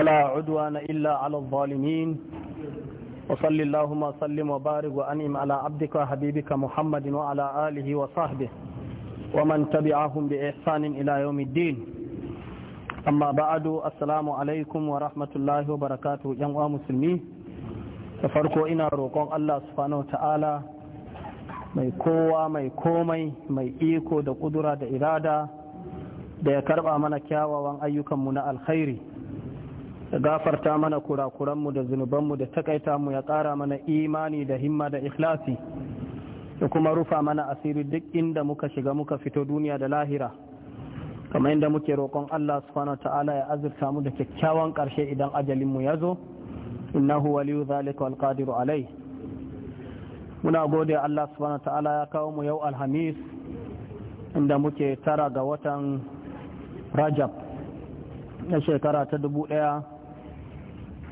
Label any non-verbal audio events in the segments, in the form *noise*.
ولا عدوان إلا على الظالمين وصل اللهم وسلم وبارك وأنعم على عبدك وحبيبك محمد وعلى آله وصحبه ومن تبعهم بإحسان إلى يوم الدين أما بعد السلام عليكم ورحمة الله وبركاته جمع مسلمين تفرقوا إنا روكم الله سبحانه وتعالى mai kowa mai komai mai iko da kudura da irada da ya karba mana kyawawan ayyukanmu na alkhairi gafarta mana kurakuranmu da zunubanmu da takaita mu ya kara mana imani da himma da ikhlasi da kuma rufa mana asiri duk inda muka shiga muka fito duniya da lahira kamar inda muke roƙon Allah subhanahu ta'ala ya azurta mu da kyakkyawan ƙarshe idan ajalinmu ya zo innahu waliyu zalika wal qadiru alai muna gode Allah subhanahu ta'ala ya kawo mu yau alhamis inda muke tara ga watan rajab na shekara ta dubu ɗaya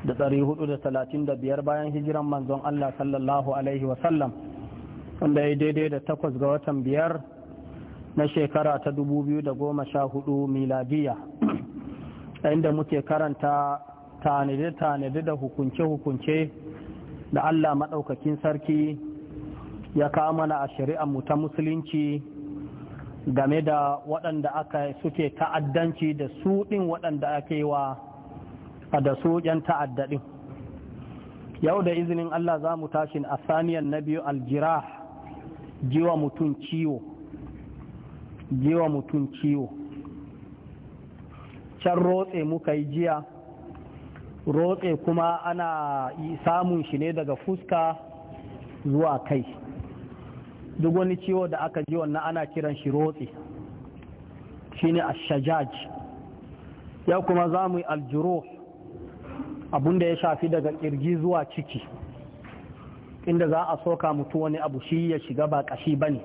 da ɗari hudu da talatin da biyar bayan hijiran manzon Allah sallallahu Alaihi wasallam wanda ya daidai da takwas ga watan biyar na shekara ta dubu biyu da goma sha hudu miladiya inda muke karanta tanade tanadi da hukunce-hukunce da Allah maɗaukakin sarki ya kamana a shari'a mu ta musulunci game da waɗanda aka suke ta'addanci da su ɗin waɗanda ake wa da su yan ta'adda yau da izinin Allah za mu tashin a saniyar na biyu aljira jiwa mutum ciwo jiwa mutum ciwo can rotse muka yi jiya rotse kuma ana samun shi ne daga fuska zuwa kai duk wani ciwo da aka ji wannan ana kiran shi rotse shine ashajaj yau kuma za mu yi aljiro abun da ya shafi daga kirji zuwa ciki inda za a soka mutu wani abu shi ya shiga ba kashi ba ne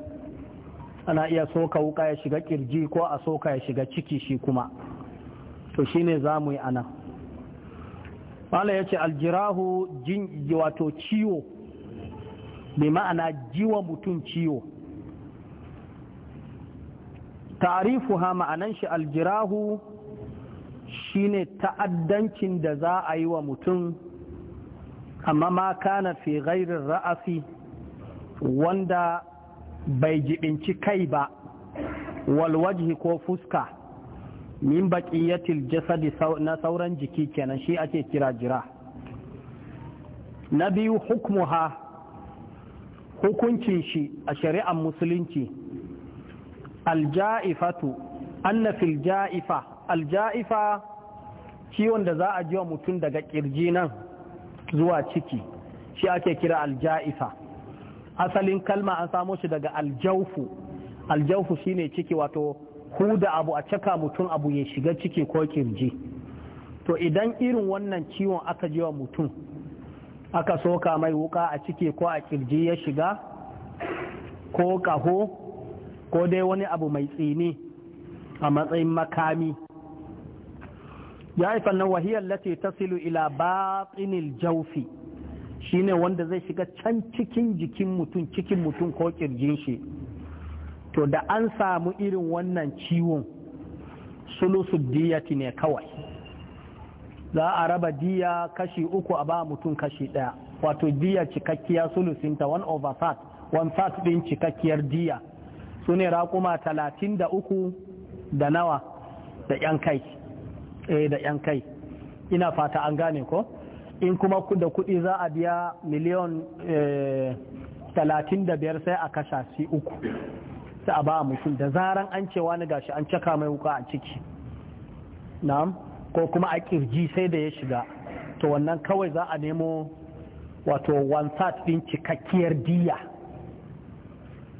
ana iya soka wuka ya shiga kirji ko a soka ya shiga ciki shi kuma to shi ne za mu yi ana mala ya ce aljirahu wato ciwo mai ma'ana jiwa mutum ciwo ha ma'anan shi aljirahu shine ta'addancin da za a yi wa mutum amma ma kana fi ghairin ra'asi wanda bai jibinci kai ba walwajhi ko fuska min baƙiyatil jasadi na sauran jiki kenan shi ake kira jira na biyu hukmuha hukuncin shi a shari'ar musulunci alja'ifatu anna ja'ifa aljaifa ciwon da za a ji wa mutum daga kirji nan zuwa ciki shi ake kira Alja'isa, asalin kalma an samo shi daga aljaufu aljaufu shine ciki wato huda abu a caka mutum abu ya shiga ciki ko kirji to idan irin wannan ciwon aka ji wa mutum aka soka mai wuka a ciki ko a kirji ya shiga ko kaho ko dai wani abu mai tsini a matsayin makami ya yi sannan wahiyar lati tasilu ila batinil jaufi shine wanda zai shiga can cikin jikin mutum cikin mutum ko kirjin shi to da an samu irin wannan ciwon sulusu diyati ne kawai za a raba diya kashi uku a ba mutum kashi ɗaya wato diya cikakkiya sulusinta one over third one third ɗin cikakkiyar diya su ne raƙuma talatin da uku da nawa da 'yan kai eh da yan kai ina fata an gane ko in kuma da kuɗi za a biya miliyan eh, talatin da sai a kasha si uku sai a ba mutum da zaran an cewa ni gashi an caka mai wuka a ciki na'am ko kuma a kirji sai da ya shiga to wannan kawai za a nemo wato wansat din cikakkiyar diya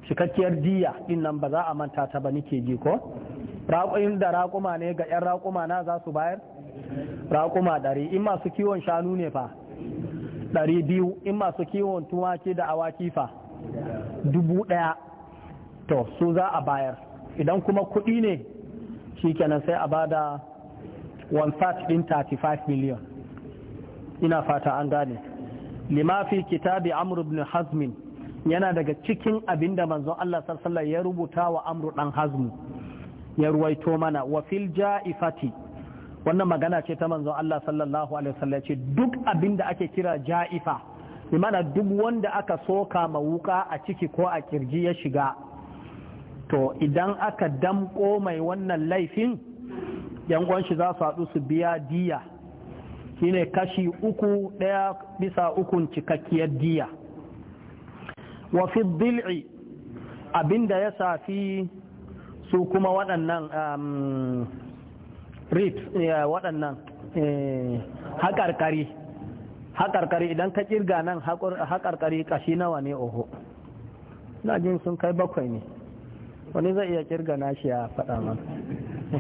cikakkiyar diya din nan ba za a manta ta ba nike ji ko raƙoyin da raƙuma ne ga 'yan raƙuma na za su bayar raƙuma ɗari in masu kiwon shanu ne fa ɗari biyu in masu kiwon tumaki da awaki fa dubu ɗaya to su za a bayar idan kuma kuɗi ne shi kenan sai a bada one third ɗin 35 million ina fata an gane limafi kitabi amr ibn hazmin yana daga cikin abinda manzon Allah sallallahu ya rubuta wa amru dan hazmu ya ruwaito mana wa fil ja'ifati wannan magana ce ta manzon Allah sallallahu alaihi wasallam ce duk abin ake kira ja'ifa imana duk wanda aka soka ma wuka a ciki ko a kirji ya shiga to idan aka damko mai wannan laifin yan shi za su haɗu su biya diya shine kashi uku ɗaya bisa ukun cikakkiyar diya wa fi abinda ya safi su kuma waɗannan um, rit eh, waɗannan eh, haƙarƙari haƙarƙari idan ka ƙirga nan haƙarƙari ƙashi nawa ne oho na jin sun kai bakwai ne wani zai iya ƙirga nashi ya faɗa mana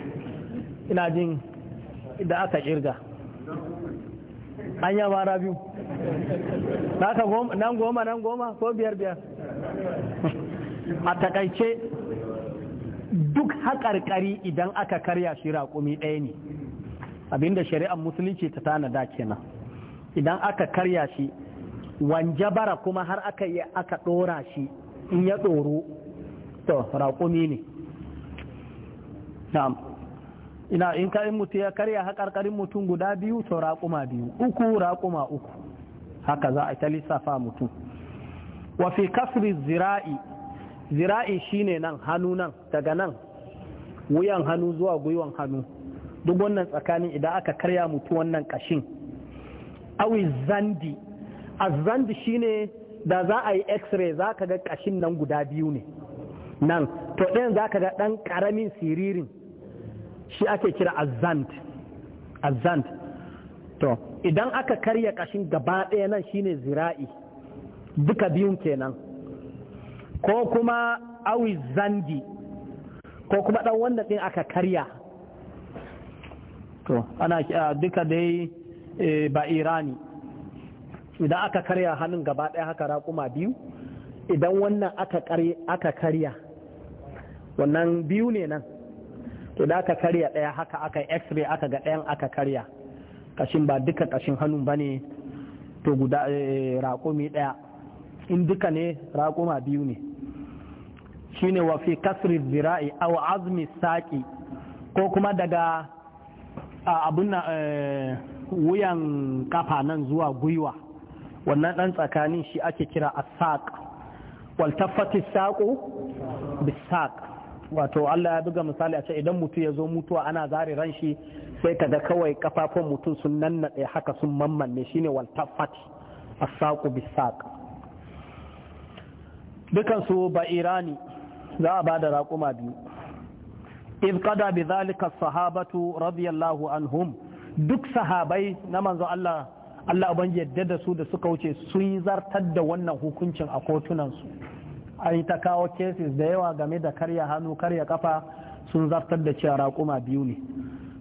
*laughs* ina jin da aka ƙirga an yaba rabiu nan goma nan goma ko biyar biyar *laughs* a takaice duk haƙarƙari idan aka karya shi raƙumi ɗaya ne abinda shari'ar musulunci ta tanada kenan idan aka karya shi wanjabara kuma har aka yi aka ɗora shi in ya ɗoro to raƙumi ne ina in ka in mutu ya karya haƙarƙarin mutum guda biyu to raƙuma biyu uku raƙuma uku haka za a ta lissafa mutum wa fi kasri zira'i zira'i shine nan hannu nan daga nan wuyan hannu zuwa gwiwan hannu duk wannan tsakanin idan aka karya mutu wannan kashin awi zandi a zandi shine da za a yi x-ray za ka ga kashin nan guda biyu ne nan to ɗayan za ka ga ɗan ƙaramin siririn shi ake kira azant azant to idan aka karya kashin gaba ɗaya nan shine zira'i duka biyun kenan ko kuma awi zandi ko kuma ɗan wanda ɗin aka karya to ana duka dai e, ba irani idan aka karya hannun gaba ɗaya haka raƙuma biyu idan wannan aka karya wannan biyu ne nan to da aka karya ɗaya haka aka x-ray aka ga ɗayan aka karya kashin ba duka kashin hannun ba ne to guda e, raƙumi ɗaya in duka ne raƙuma biyu ne shine wa fi kasri zira'i aw azmi saqi ko kuma daga abun na eh, wuyan kafa nan zuwa gwiwa wannan dan tsakanin shi ake kira asaq wal tafati saqu bis wato Allah ya buga misali a ce idan mutu ya zo mutuwa ana zare ran shi sai kaga kawai kafafun mutum sun nannaɗe haka sun mammanne shine wal tafati asaqu bis-saq dukansu ba irani za a ba da raƙuma biyu iz qada bi zalika sahabatu radiyallahu anhum duk sahabai na manzo Allah Allah ubangi yadda da su da suka wuce sun zartar da wannan hukuncin a kotunansu. su an ta kawo cases da yawa game da karya hannu karya kafa sun zartar da cewa raƙuma biyu ne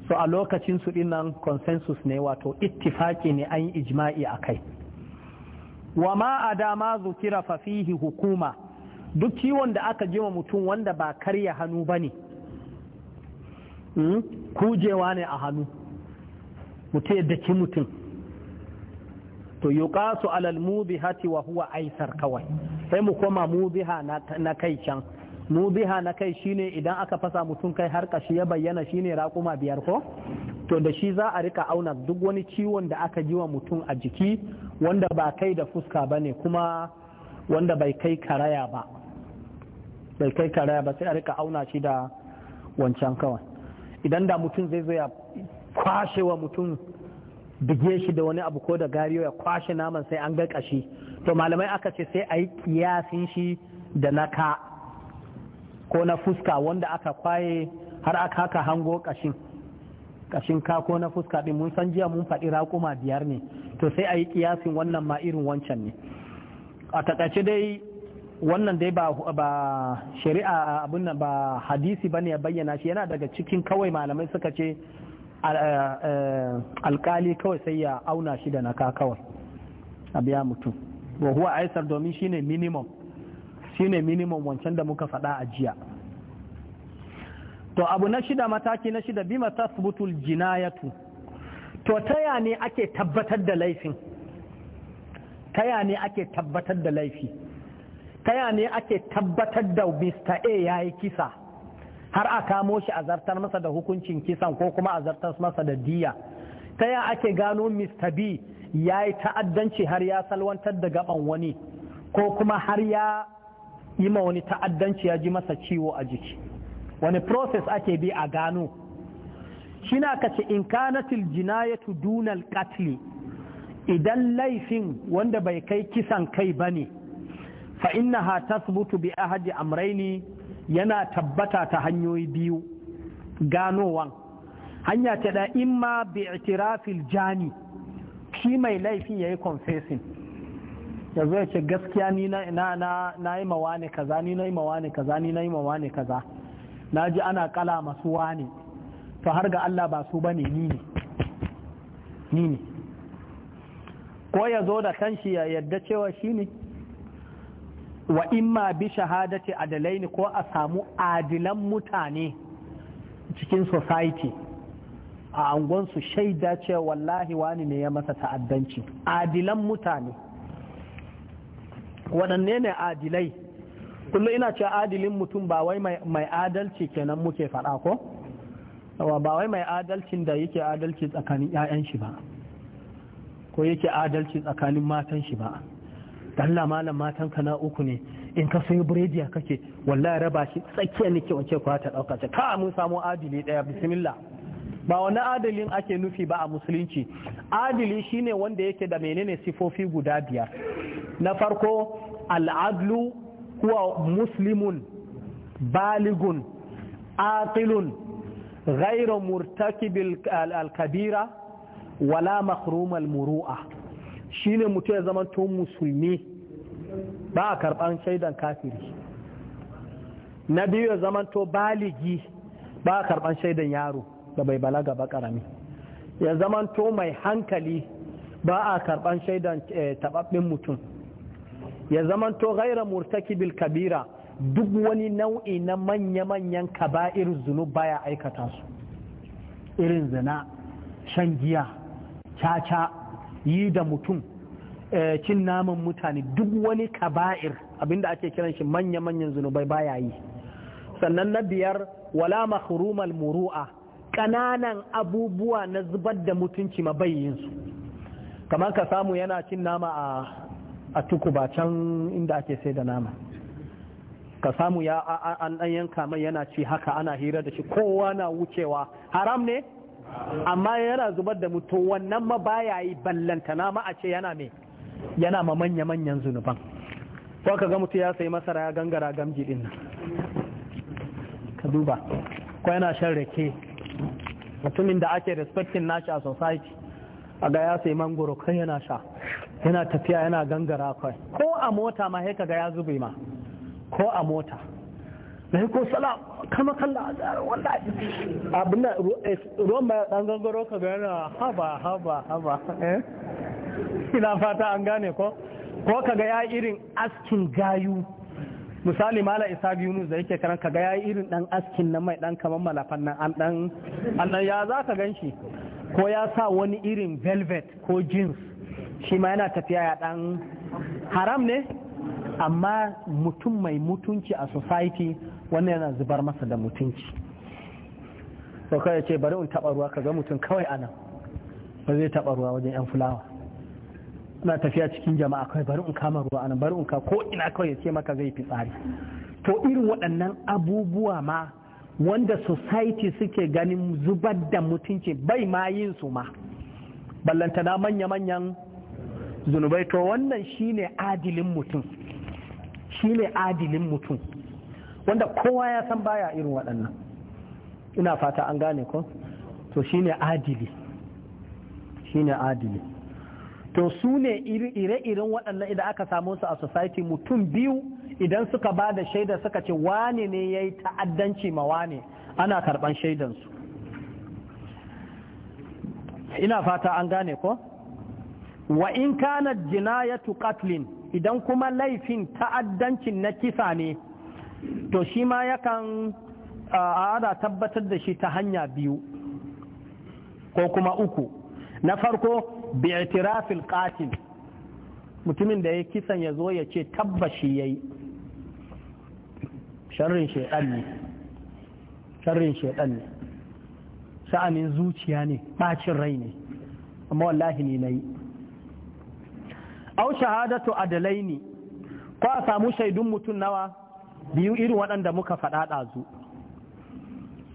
so a lokacin su nan consensus ne wato ittifaki ne an yi ijma'i a kai wa ma Adama dama zukira fafihi hukuma duk ciwon da aka jima mutum wanda ba karya hannu ba ne hmm? kujewa ne a hannu mutum ya daki mutum to yuqasu alal mubihati wa huwa aisar kawai sai mu koma mubiha na kai can mubiha na kai shine idan aka fasa mutum kai har kashi ya bayyana shine raƙuma biyar ko to da shi za a rika auna duk wani ciwon da aka ji wa mutum a jiki wanda ba kai da fuska bane kuma wanda bai kai karaya ba bai kai karaya ba sai a rika auna shi da wancan kawai idan da mutum zai zo ya kwashe wa mutum bige shi da wani abu ko da gariyo ya kwashe naman sai an ga kashi to malamai aka ce sai a yi kiyasin shi da na ka ko na fuska wanda aka kwaye har aka haka hango kashin kashin ka ko na fuska din mun san jiya mun faɗi raƙuma biyar ne to sai a yi kiyasin wannan ma irin wancan ne a taƙaice dai wannan dai ba shari'a abin ba hadisi bane ya bayyana shi yana daga cikin kawai malamai suka ce eh, eh, alkali kawai sai ya auna shi da naka kawai a biya mutum wa huwa aisar domin shine minimum shine minimum wancan da muka faɗa a jiya to abu na shida mataki na shida bima tasbutul jinayatu to taya ne ake tabbatar da laifin taya ne ake tabbatar da laifi ta ya ne ake tabbatar da mr a ya yi kisa har a kamo shi a zartar masa da hukuncin kisan ko kuma a zartar masa da diya ta ya ake gano mr b ya yi ta'addanci har ya salwantar da gaban wani ko kuma har ya yi ma wani ta'addanci ya ji masa ciwo a jiki wani process ake bi a gano shina na kace in kanatil jinayatu dunal katli idan laifin wanda bai kai kisan kai ba ne fa inna ha tasbutu bi ahadi amraini yana tabbata ta hanyoyi biyu ganowan hanya ta da imma bi i'tirafil jani shi mai laifin yayi confessing yanzu ya ce gaskiya ni na na na yi mawa ne kaza ni na yi mawa ne kaza ni na yi mawa ne kaza na ana kala masu wane to har ga Allah ba su bane ni ne ni ne ko ya zo da kanshi ya yadda cewa shi ne wa imma bi shahadati adalaini ko a samu adilan mutane cikin society a angonsu shaida ce wallahi wani ne ya masa ta'addanci adilan mutane waɗanne ne adilai kullum ina ce adilin mutum ba wai mai adalci kenan muke faɗa ko ba wai mai adalcin da yake adalci tsakanin 'ya'yan shi ba ko yake adalci tsakanin matan shi ba Allah malam matan ka na uku ne in ka sayo biredi ya kake wallahi raba shi tsakiya ke wace ta dauka ta, ka mun samu adili daya bismillah ba wani adalin ake nufi ba a musulunci adili shine wanda yake da menene sifofi guda biyar na farko al'adlu huwa muslimun baligun aqilun ghayru murtakibil al-kabira wala makhrumal muru'a shine mutum ya zama musulmi ba a karɓar shaidan kafiri na biyu ya zama baligi ba a karɓar shaidan yaro da bai balaga ba karami ya zama mai hankali ba a karɓar shaidan eh, mutum ya zama gaira murtakibil kabira duk wani nau'i na manya-manyan kaba'ir zunub baya aikata su irin zina shan giya caca yi da mutum eh, cin naman mutane duk wani kaba'ir abinda ake kiran shi manya-manyan zunubai baya yi sannan na biyar wala mahrumal muru'a ƙananan abubuwa na zubar da mutunci ma mabayinsu kamar ka samu yana cin nama a tukuba can inda ake sai da nama ka samu ya an yanka mai yana ci haka ana hira da shi kowa na wucewa haram ne amma yana zubar da mutu wannan ma baya ballanta ballantana ma a ce yana me yana ma manya manyan zunuban ko ka ga mutu ya sayi masara ya gangara gamji din nan ka duba ko yana shan rake mutumin da ake respecting nashi a society a ga ya sayi mangoro kan yana sha yana tafiya yana gangara kai ko a mota ma sai ka ga ya zube ma ko a mota na ko sala kama kalla wallahi abin eh, ruwan ba dan gangaro ka ga yana haba haba haba eh? ina fata an gane ko ko ka ga ya irin askin gayu misali mala isa yunus da yake karan ka ga ya irin dan askin na mai dan kaman malafan nan an dan an ya za ka ganshi ko ya sa wani irin velvet ko jeans shi ma yana tafiya ya dan haram ne amma mutum mai mutunci a society wannan yana zubar masa da mutunci sau kai ce bari in taɓa ruwa kaga mutum kawai anan ba zai taɓa ruwa wajen yan fulawa ina tafiya cikin jama'a kawai bari in kama ruwa anan bari in ka ko ina kawai ya ce maka zai fitsari to irin waɗannan abubuwa ma wanda society suke ganin zubar da mutunci bai ma yin su ma na manya-manyan zunubai to wannan shine adilin mutum shine adilin mutum wanda kowa ya san baya irin waɗannan ina fata an gane ko to shine adili shine adili to su ne ire-iren waɗannan idan aka samu su a society mutum biyu idan suka ba da shaida suka ce wane ne ya yi ta'addanci ma wane ana karɓan shaidansu ina fata an gane ko wa in kana jinayatu qatlin idan kuma laifin ta'addancin na kisa ne to shi ma yakan a tabbatar da shi ta hanya biyu ko kuma uku na farko itirafil qatil mutumin da ya kisan ya zo ya ce tabbashi yayi sharrin shaidan ne sharrin shaidan ne sha'anin zuciya ne bacin rai ne amma wallahi na nayi au shahadatu adalaini ko a samu shaidun mutum nawa biyu irin waɗanda muka faɗa ɗazu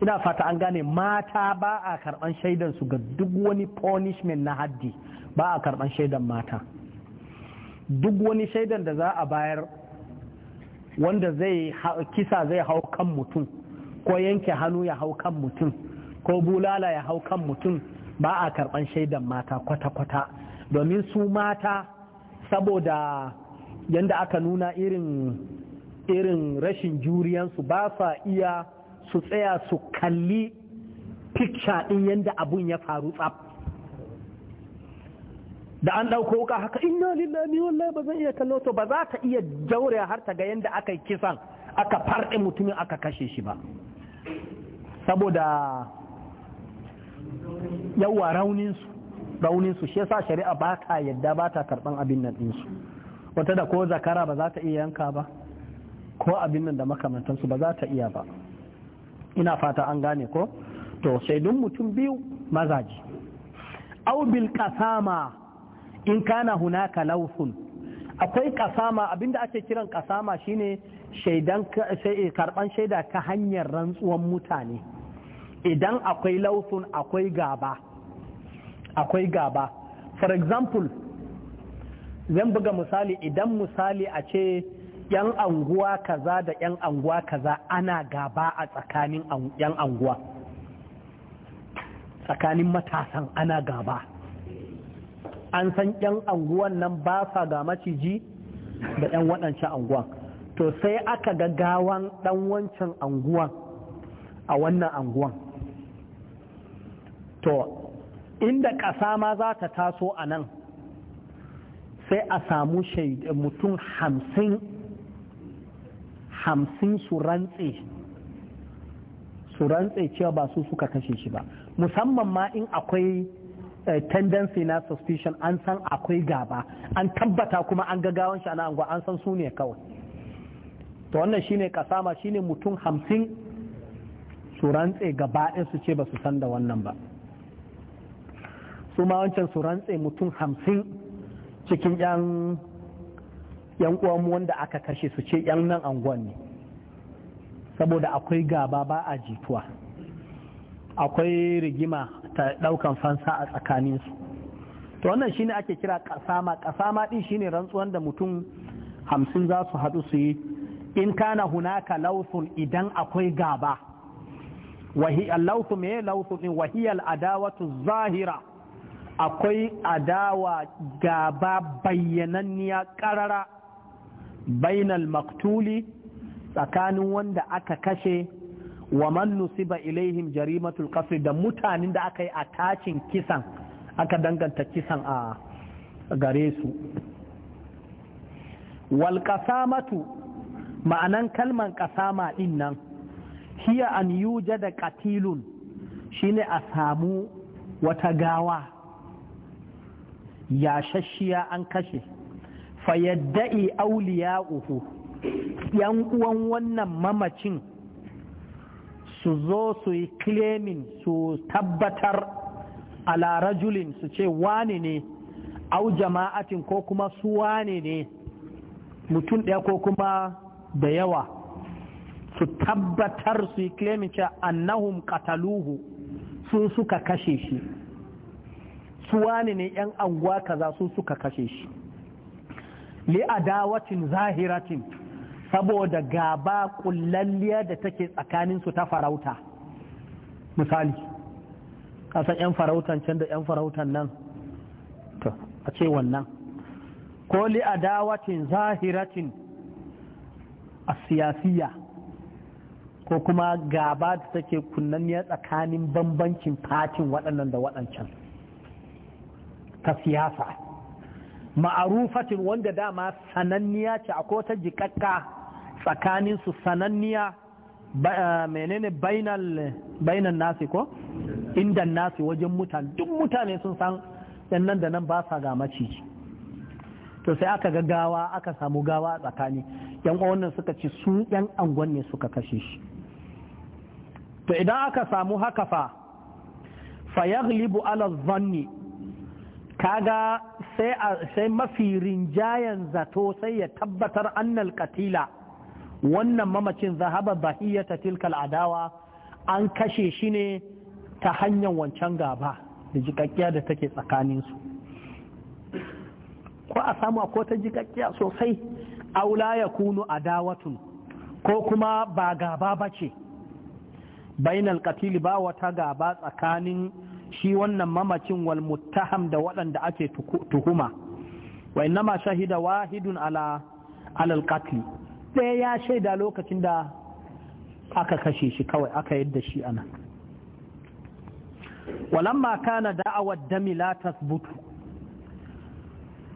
ina fata an gane mata ba a karɓan shaidansu ga duk wani punishment na haddi ba a karɓan shaidan mata duk wani shaidan da za a bayar wanda zai kisa zai hau kan mutum ko yanke hannu ya hau kan mutum ko bulala ya hau kan mutum ba a karɓan shaidan mata kwata-kwata domin su mata saboda yadda aka nuna irin irin rashin juriyansu ba sa iya su tsaya su kalli picture ɗin yadda abun ya faru tsaf da an ɗauko wuka haka inna lillahi wallahi ba zan iya kallo to ba za ta iya jaure har ta ga yadda aka yi kisan aka farɗe mutumin aka kashe shi ba saboda yawa rauninsu su shi yasa shari'a ba ta yadda ba ta karɓan abin nan ɗinsu wata da ko zakara ba za ta iya yanka ba ko abin nan da makamantansu ba za ta iya ba ina fata an gane ko to sai dun mutum biyu mazaji au bil kasama in kana hunaka laufin, akwai kasama abinda ake kiran kasama shine shaidan eh, karban shaida ta hanyar rantsuwan mutane idan akwai laufin akwai gaba akwai gaba for example zan buga misali idan misali a ce yan anguwa kaza da yan anguwa kaza ana gaba a tsakanin yan anguwa tsakanin matasan ana gaba an san yan anguwan nan ba sa ga maciji da yan waɗancan anguwan to sai aka ga gawan ɗan wancan anguwan a wannan anguwan to inda ƙasa ma za ta taso a nan sai a samu mutum hamsin hamsin su rantse su cewa ba su suka kashe shi ba musamman ma in akwai eh, tendency na suspicion an san akwai gaba an tabbata kuma an gagawan shi ana an san su ne kawai to wannan shine kasama shine mutum hamsin su rantse gaba su ce ba su san da wannan ba su ma wancan su rantse mutum hamsin cikin 'yan yan uwanmu wanda aka kashe su ce yan nan angon ne saboda akwai gaba ba a jituwa akwai rigima ta daukan fansa a tsakaninsu to wannan shine ake kira kasama kasama din shine rantsuwan da mutum hamsin za su haɗu su yi in kana hunaka lausun idan akwai gaba lausu me lausu adawatu zahira akwai adawa gaba bayyananniya ƙarara bainal maktuli tsakanin wanda aka kashe wa man nusiba ilaihim jarimatul qasr da mutanen da aka yi a tacin kisan aka danganta kisan a gare su wal qasamatu ma'anan kalman qasama din nan hiya an yujada qatilun shine a samu wata gawa yashashiya an kashe fayaddai uhu yan uwan wannan mamacin su zo su yi claiming su tabbatar ala rajulin su ce wane ne au jama'atin ko kuma su wane ne mutum ɗaya ko kuma da yawa su tabbatar su yi claiming ce annahum kataluhu su suka kashe shi su wane ne yan anguwa kaza su suka kashe shi adawatin zahiratin saboda gaba kullalliya da take tsakaninsu ta farauta misali kasan 'yan farautan can da 'yan farautan nan to a ce wannan ko adawatin zahiratin a siyasiya ko kuma gaba da take kunnanniya tsakanin bambancin fatin waɗannan da waɗancan ta siyasa ma'arufatin wanda dama sananniya ce a kota jikakka tsakanin su sananniya eh, menene bainan nasi ko inda nasi wajen mutane duk mutane sun san yan nan da nan ba sa ga maciji to sai aka ga gawa aka samu gawa a tsakani yan wannan suka ci su yan angon ne suka kashe shi to idan aka samu haka fa fa yaghlibu ala zanni kaga sai sai mafi rinjayen zato sai ya tabbatar annal katila wannan mamacin zahaba bahiyata tilkal adawa an kashe shi ne ta hanyar wancan gaba da jikakkiya da take tsakaninsu ko a samu ko ta jikakkiya sosai aula ya kunu adawatun ko kuma ba gaba bace ce bainal katili ba wata gaba tsakanin shi wannan mamacin wal muttaham da waɗanda ake tuhuma wa innama shahida wahidun ala alal qatl ɗaya ya shaida lokacin da aka kashe shi kawai aka yadda shi ana walamma kana da'awar dami la tasbutu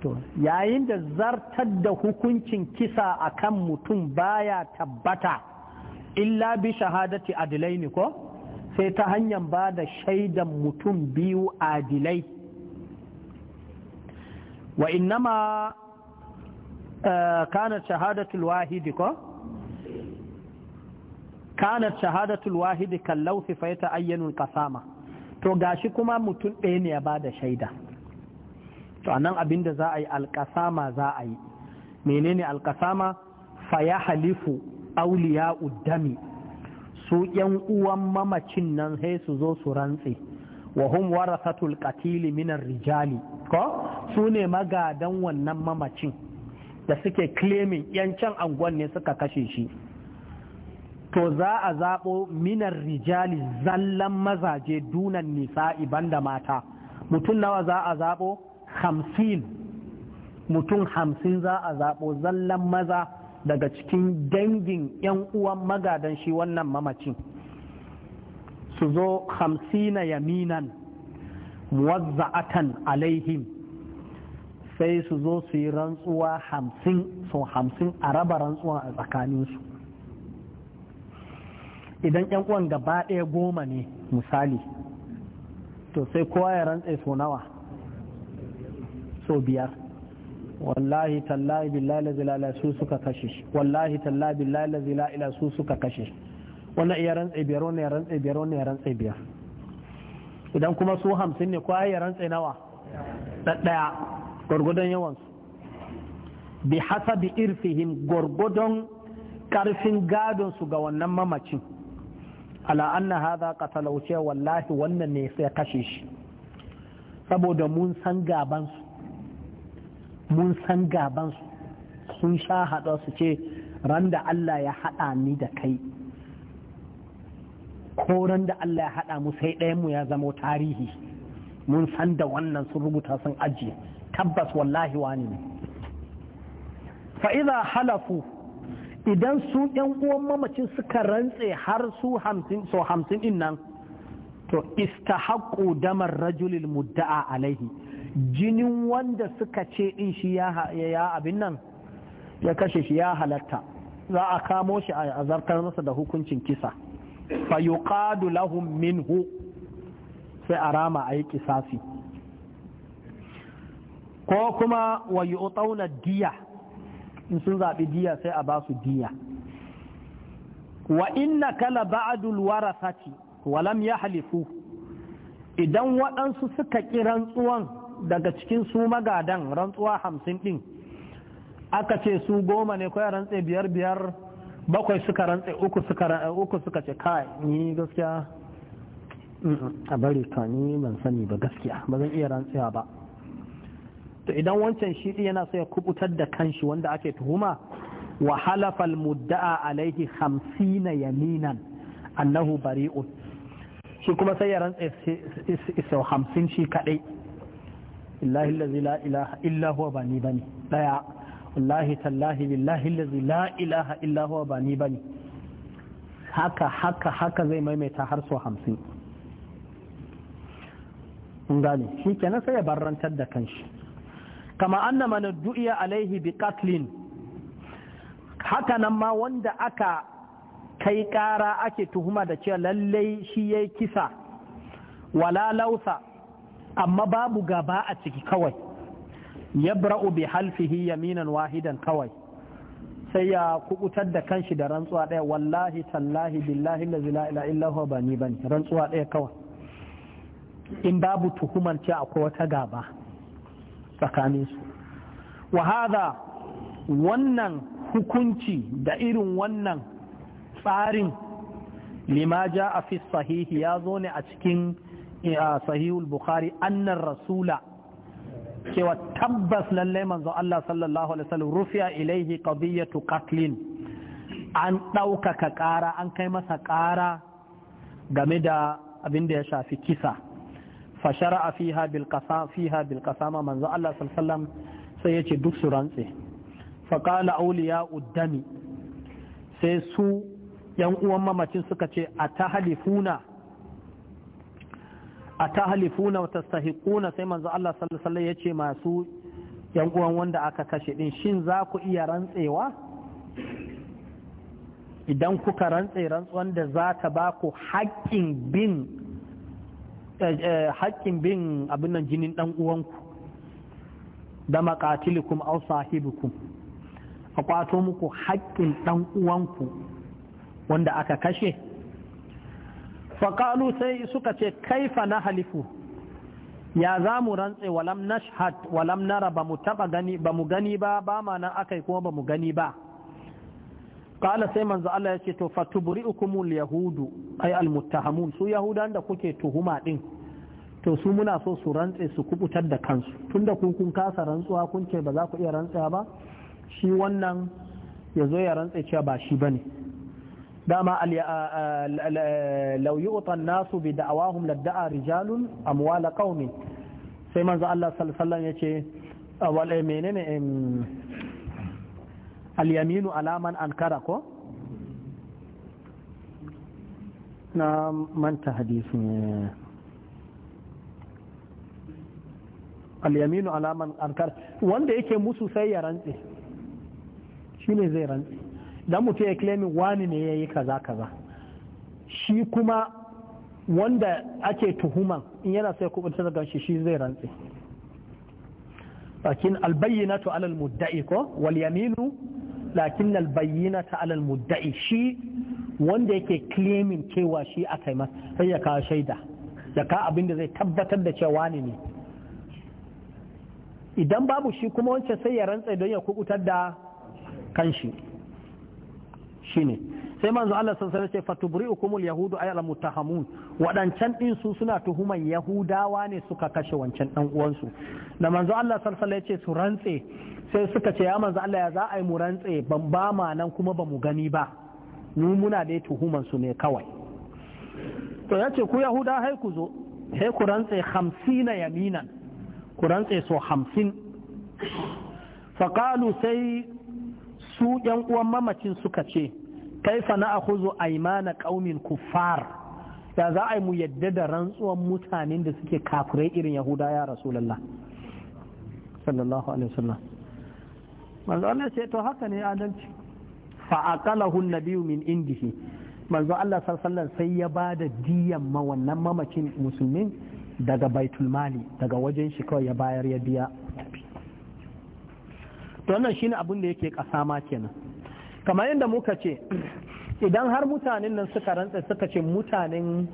to yayin da zartar da hukuncin kisa akan mutum baya tabbata illa bi shahadati adlaini ko sai ta hanyar ba da shaidan mutum biyu adilai wa innama eh, kanar shahadatul wahidi ko kanar shahadatul wahidi kallau fa ayyanun kasama to gashi kuma mutum ɗaya ne ya ba da shaida to nan abinda za a yi alkasama za a yi menene alkasama fa ya halifu auliya'ud dami su ‘yan uwan mamacin nan sai su zo su rantse wa hum warasatul qatili minar rijali ko su ne magadan wannan mamacin da suke claiming can angon ne suka kashe shi to za a zaɓo minar rijali zallan mazaje dunan nisa'i banda mata mutum nawa za a zaɓo hamsin mutum hamsin za a zaɓo zallan maza daga cikin dangin 'yan uwan magadan shi wannan mamacin su zo hamsina yaminan muwazza'atan alaihim sai su zo su yi rantsuwa hamsin so hamsin a raba rantsuwa a tsakaninsu idan 'yan uwan gaba ɗaya goma ne misali to sai kowa ya rantse so nawa so biyar wallahi tallahi billahi la zilala su suka kashe shi wallahi tallahi billahi la zilala su suka kashe shi wannan iya rantsa biyar wannan ya rantsa biyar wannan ya rantsa biyar idan kuma su hamsin ne ko ya rantsa nawa ɗaya gwargwadon yawan su bi hasabi irfihim gwargwadon karfin gadon su ga wannan mamacin ala anna hadha qatalauce wallahi wannan ne sai kashe shi saboda mun san gaban su mun san gaban sun sha haɗa su ce ran da Allah ya haɗa ni da kai ko ran da Allah ya haɗa mu sai ɗayan mu ya zamo tarihi mun san da wannan sun rubuta sun ajiye tabbas wallahi wani ne fa'iza halafu idan su ‘yan uwan mamacin suka rantse har su hamsin so din nan to istahaqqu damar rajulil mudda'a alaihi jinin wanda suka ce in shi ya abin nan ya kashe shi ya halatta za a kamo shi a zartar masa da hukuncin kisa fa lahum minhu sai a rama a yi kisasi ko kuma wa yu'tauna diya in sun zaɓi diya sai a ba su diya wa inna kala ba'adul warasati walam ya halifu idan waɗansu suka ƙi rantsuwan daga cikin su magadan rantsuwa hamsin ɗin aka ce su goma ne kawai rantse biyar biyar bakwai suka rantse uku suka uku suka ce kai ni gaskiya a bari ka ni ban sani ba gaskiya ba zan iya rantsewa ba to idan wancan shi yana so ya kubutar da kanshi wanda ake tuhuma wa halafa mudda'a alaihi hamsina yaminan annahu bari'un shi kuma sai ya rantse sau hamsin shi kadai billahi allazi la ilaha illa huwa ba ni bane daya wallahi tallahi billahi la ilaha illa huwa ba haka haka haka zai maimaita har so hamsin shi kenan sai ya barrantar da kanshi kama anna man du'iya alaihi bi qatlin haka nan ma wanda aka kai kara ake tuhuma da cewa lallai shi yayi kisa wala lausa amma babu gaba a ciki kawai yabra'u bi halfihi yaminan wahidan kawai sai ya kubutar da kanshi da rantsuwa ɗaya wallahi tallahi billahi la ilaha illa ba ni bane rantsuwa ɗaya kawai in babu tuhuman ce akwai wata gaba tsakanin su wa wannan hukunci da irin wannan tsarin lima ja a fi sahihi ya zo ne a cikin Eh, sahihul bukhari annar rasula cewa tabbas lallai manzo Allah sallallahu alaihi wasallam rufiya ilaihi qadiyatu qatlin an ɗaukaka ƙara an kai masa ƙara game da abin da ya shafi kisa fashara a fiha bilkasama manzo Allah sallallahu sai yace duk su rantse faƙala auliya uddami sai su yan uwan mamacin suka ce a ta halifuna a tahalifuna wa tastahiquna sai manzo Allah sallallahu alaihi yace masu yan uwan wanda aka kashe din shin za ku iya rantsewa idan kuka rantse rantsuwan da za ta ba ku haƙƙin bin eh, eh, haƙƙin bin abin nan jinin dan uwanku da maqatilikum aw sahibikum a kwato muku haƙƙin dan uwanku wanda aka kashe faƙalu sai suka ce kaifa na halifu ya za mu rantse walam nashhad walam nara ba mu taɓa gani ba mu gani ba ba ma nan akai kuma ba mu gani ba ƙala sai manzo Allah ya ce to fatubri'ukumul yahudu ai al su yahudan da kuke tuhuma din to su muna so su rantse su kubutar da kansu tunda kun kun kasa rantsuwa kun ce ba za ku iya rantsa ba shi wannan ya zo ya rantse cewa ba shi bane dama lau yu'tan nasu bi da'awahum da'a rijalun amwala qaumin sai manzo Allah sallallahu yace wal eh, menene al yaminu alaman ankara ko na manta hadisin al yaminu alaman ankara wanda yake musu sai ya rantse shine zai rantse dan mutum ya claimin wani ne ya yi kaza kaza shi kuma wanda ake tuhuman in yana sai kubutar da shi shi zai rantse lakin albayyinatu alal mudda'i ko wal yaminu lakin albayyinatu alal mudda'i shi wanda yake kilemin cewa shi aka yi sai ya kawo shaida ya kawo abin da zai tabbatar da cewa ne ne idan babu shi kuma wancan sai ya rantse don ya kubutar da kanshi shine sai manzo Allah sun sanar ce fatubri'ukumul yahudu ayal mutahamun wadancan din su suna tuhuman yahudawa ne suka kashe wancan dan uwansu da manzo Allah sallallahu alaihi ce su rantse sai suka ce ya manzo Allah ya za a yi mu rantse ban ba ma nan kuma ba mu gani ba mu muna da tuhuman su ne kawai to ya ce ku yahuda hai ku zo sai ku rantse 50 yaminan ku rantse so 50 faqalu sai su ‘yan uwan mamacin suka ce, kaifa na akuzo aimana ƙaumin kuffar ya za a yi mu yadda da rantsuwan mutanen da suke kafirai irin Yahuda ya Rasulallah. Sallallahu Alaihi Wasallam. Manzo Allah ce to haka ne adalci. aqalahu nabiyyu min indihi. Manzo Allah sallallahu sai ya ba da diyan ma wannan mamacin musulmin daga baitul mali daga wajen shi kawai ya bayar ya biya to wannan shine abin da yake ƙasa ma kenan kamar yadda muka ce idan har mutanen nan suka rantsa suka ce mutanen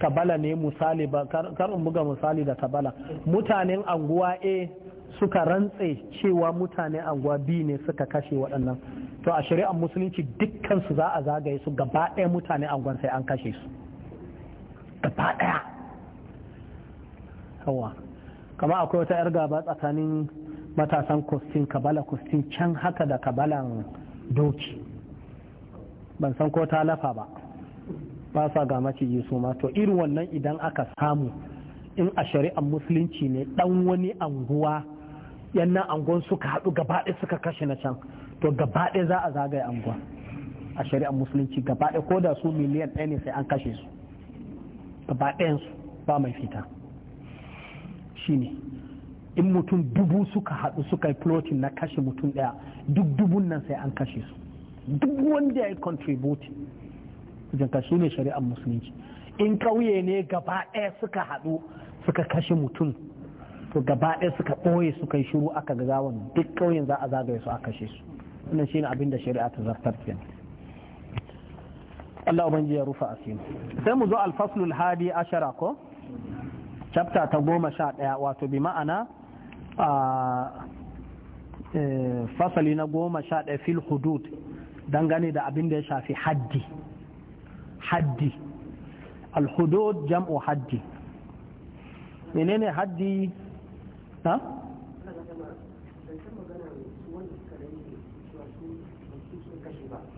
kabala ne misali ba in buga misali da kabala mutanen anguwa a suka rantse cewa mutanen anguwa b ne suka kashe waɗannan to a shari'ar musulunci dukkan su za a zagaye su gaba ɗaya mutanen anguwan sai an kashe su gaba ɗaya kama akwai wata 'yar gaba tsakanin matasan kustin kabala kustin can haka da kabalan doki ban san ko ta lafa ba ba sa ga maciji su ma to irin wannan idan aka samu in a shari'ar musulunci ne dan wani anguwa yannan angon suka haɗu gabaɗe suka kashe na can to gabaɗe za a zagaye anguwa a shari'ar musulunci gabaɗe ko da su miliyan ɗaya ne sai an kashe su su ba mai fita shine in mutum dubu suka haɗu suka yi plotin na kashe mutum ɗaya duk dubun nan sai an kashe su duk wanda ya yi contributing jinka shi ne shari'ar musulunci in ƙauye ne gaba ɗaya suka haɗu suka kashe mutum to gaba ɗaya suka ɓoye suka yi shiru aka ga gawan duk ƙauyen za a zagaye su a kashe su wannan shine abin da shari'a ta zartar kenan Allah ubangiji ya rufa asiri sai mu zo alfaslul hadi ashara ko chapter ta goma sha ɗaya wato bi ma'ana a fasali na goma sha ɗaya fil hudud dangane da abin da ya shafi haddi haddi al-hudud jam'u haddi menene haddi ha?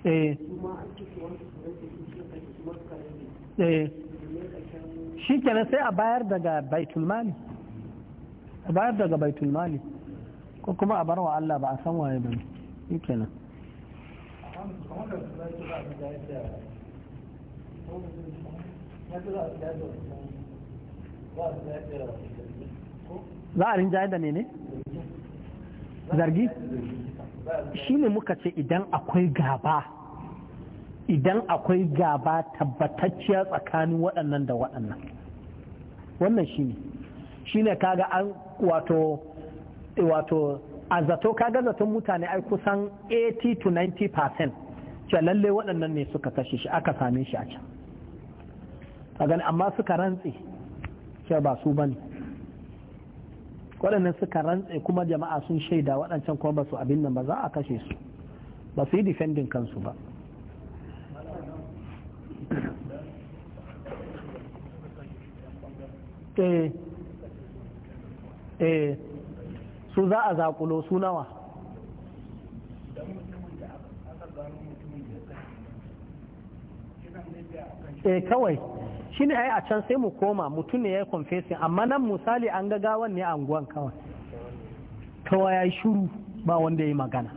eh eh shi kenan sai a bayar daga baitulmali a bayar daga baitul mali ko kuma a bar wa Allah ba a san waye ba ne nan. za a jayar da ne zargi shi ne muka ce idan akwai gaba idan akwai gaba tabbatacciya tsakanin waɗannan da waɗannan wannan shi ne shine kaga an wato wato a zato kaga zaton mutane ai kusan 80 to 90 percent ce lalle waɗannan ne suka kashe shi aka same shi a can gani amma suka rantse ce ba su bane waɗannan suka rantse kuma jama'a sun shaida waɗancan kuma ba su abin nan ba za a kashe su ba su yi defending kansu ba eh eh su za a zakulo su nawa eh kawai shi ne a can sai mu koma mutum ne ya yi confessing amma nan misali an ga gawan ne a unguwan kawai kawai ya yi shuru ba wanda ya yi magana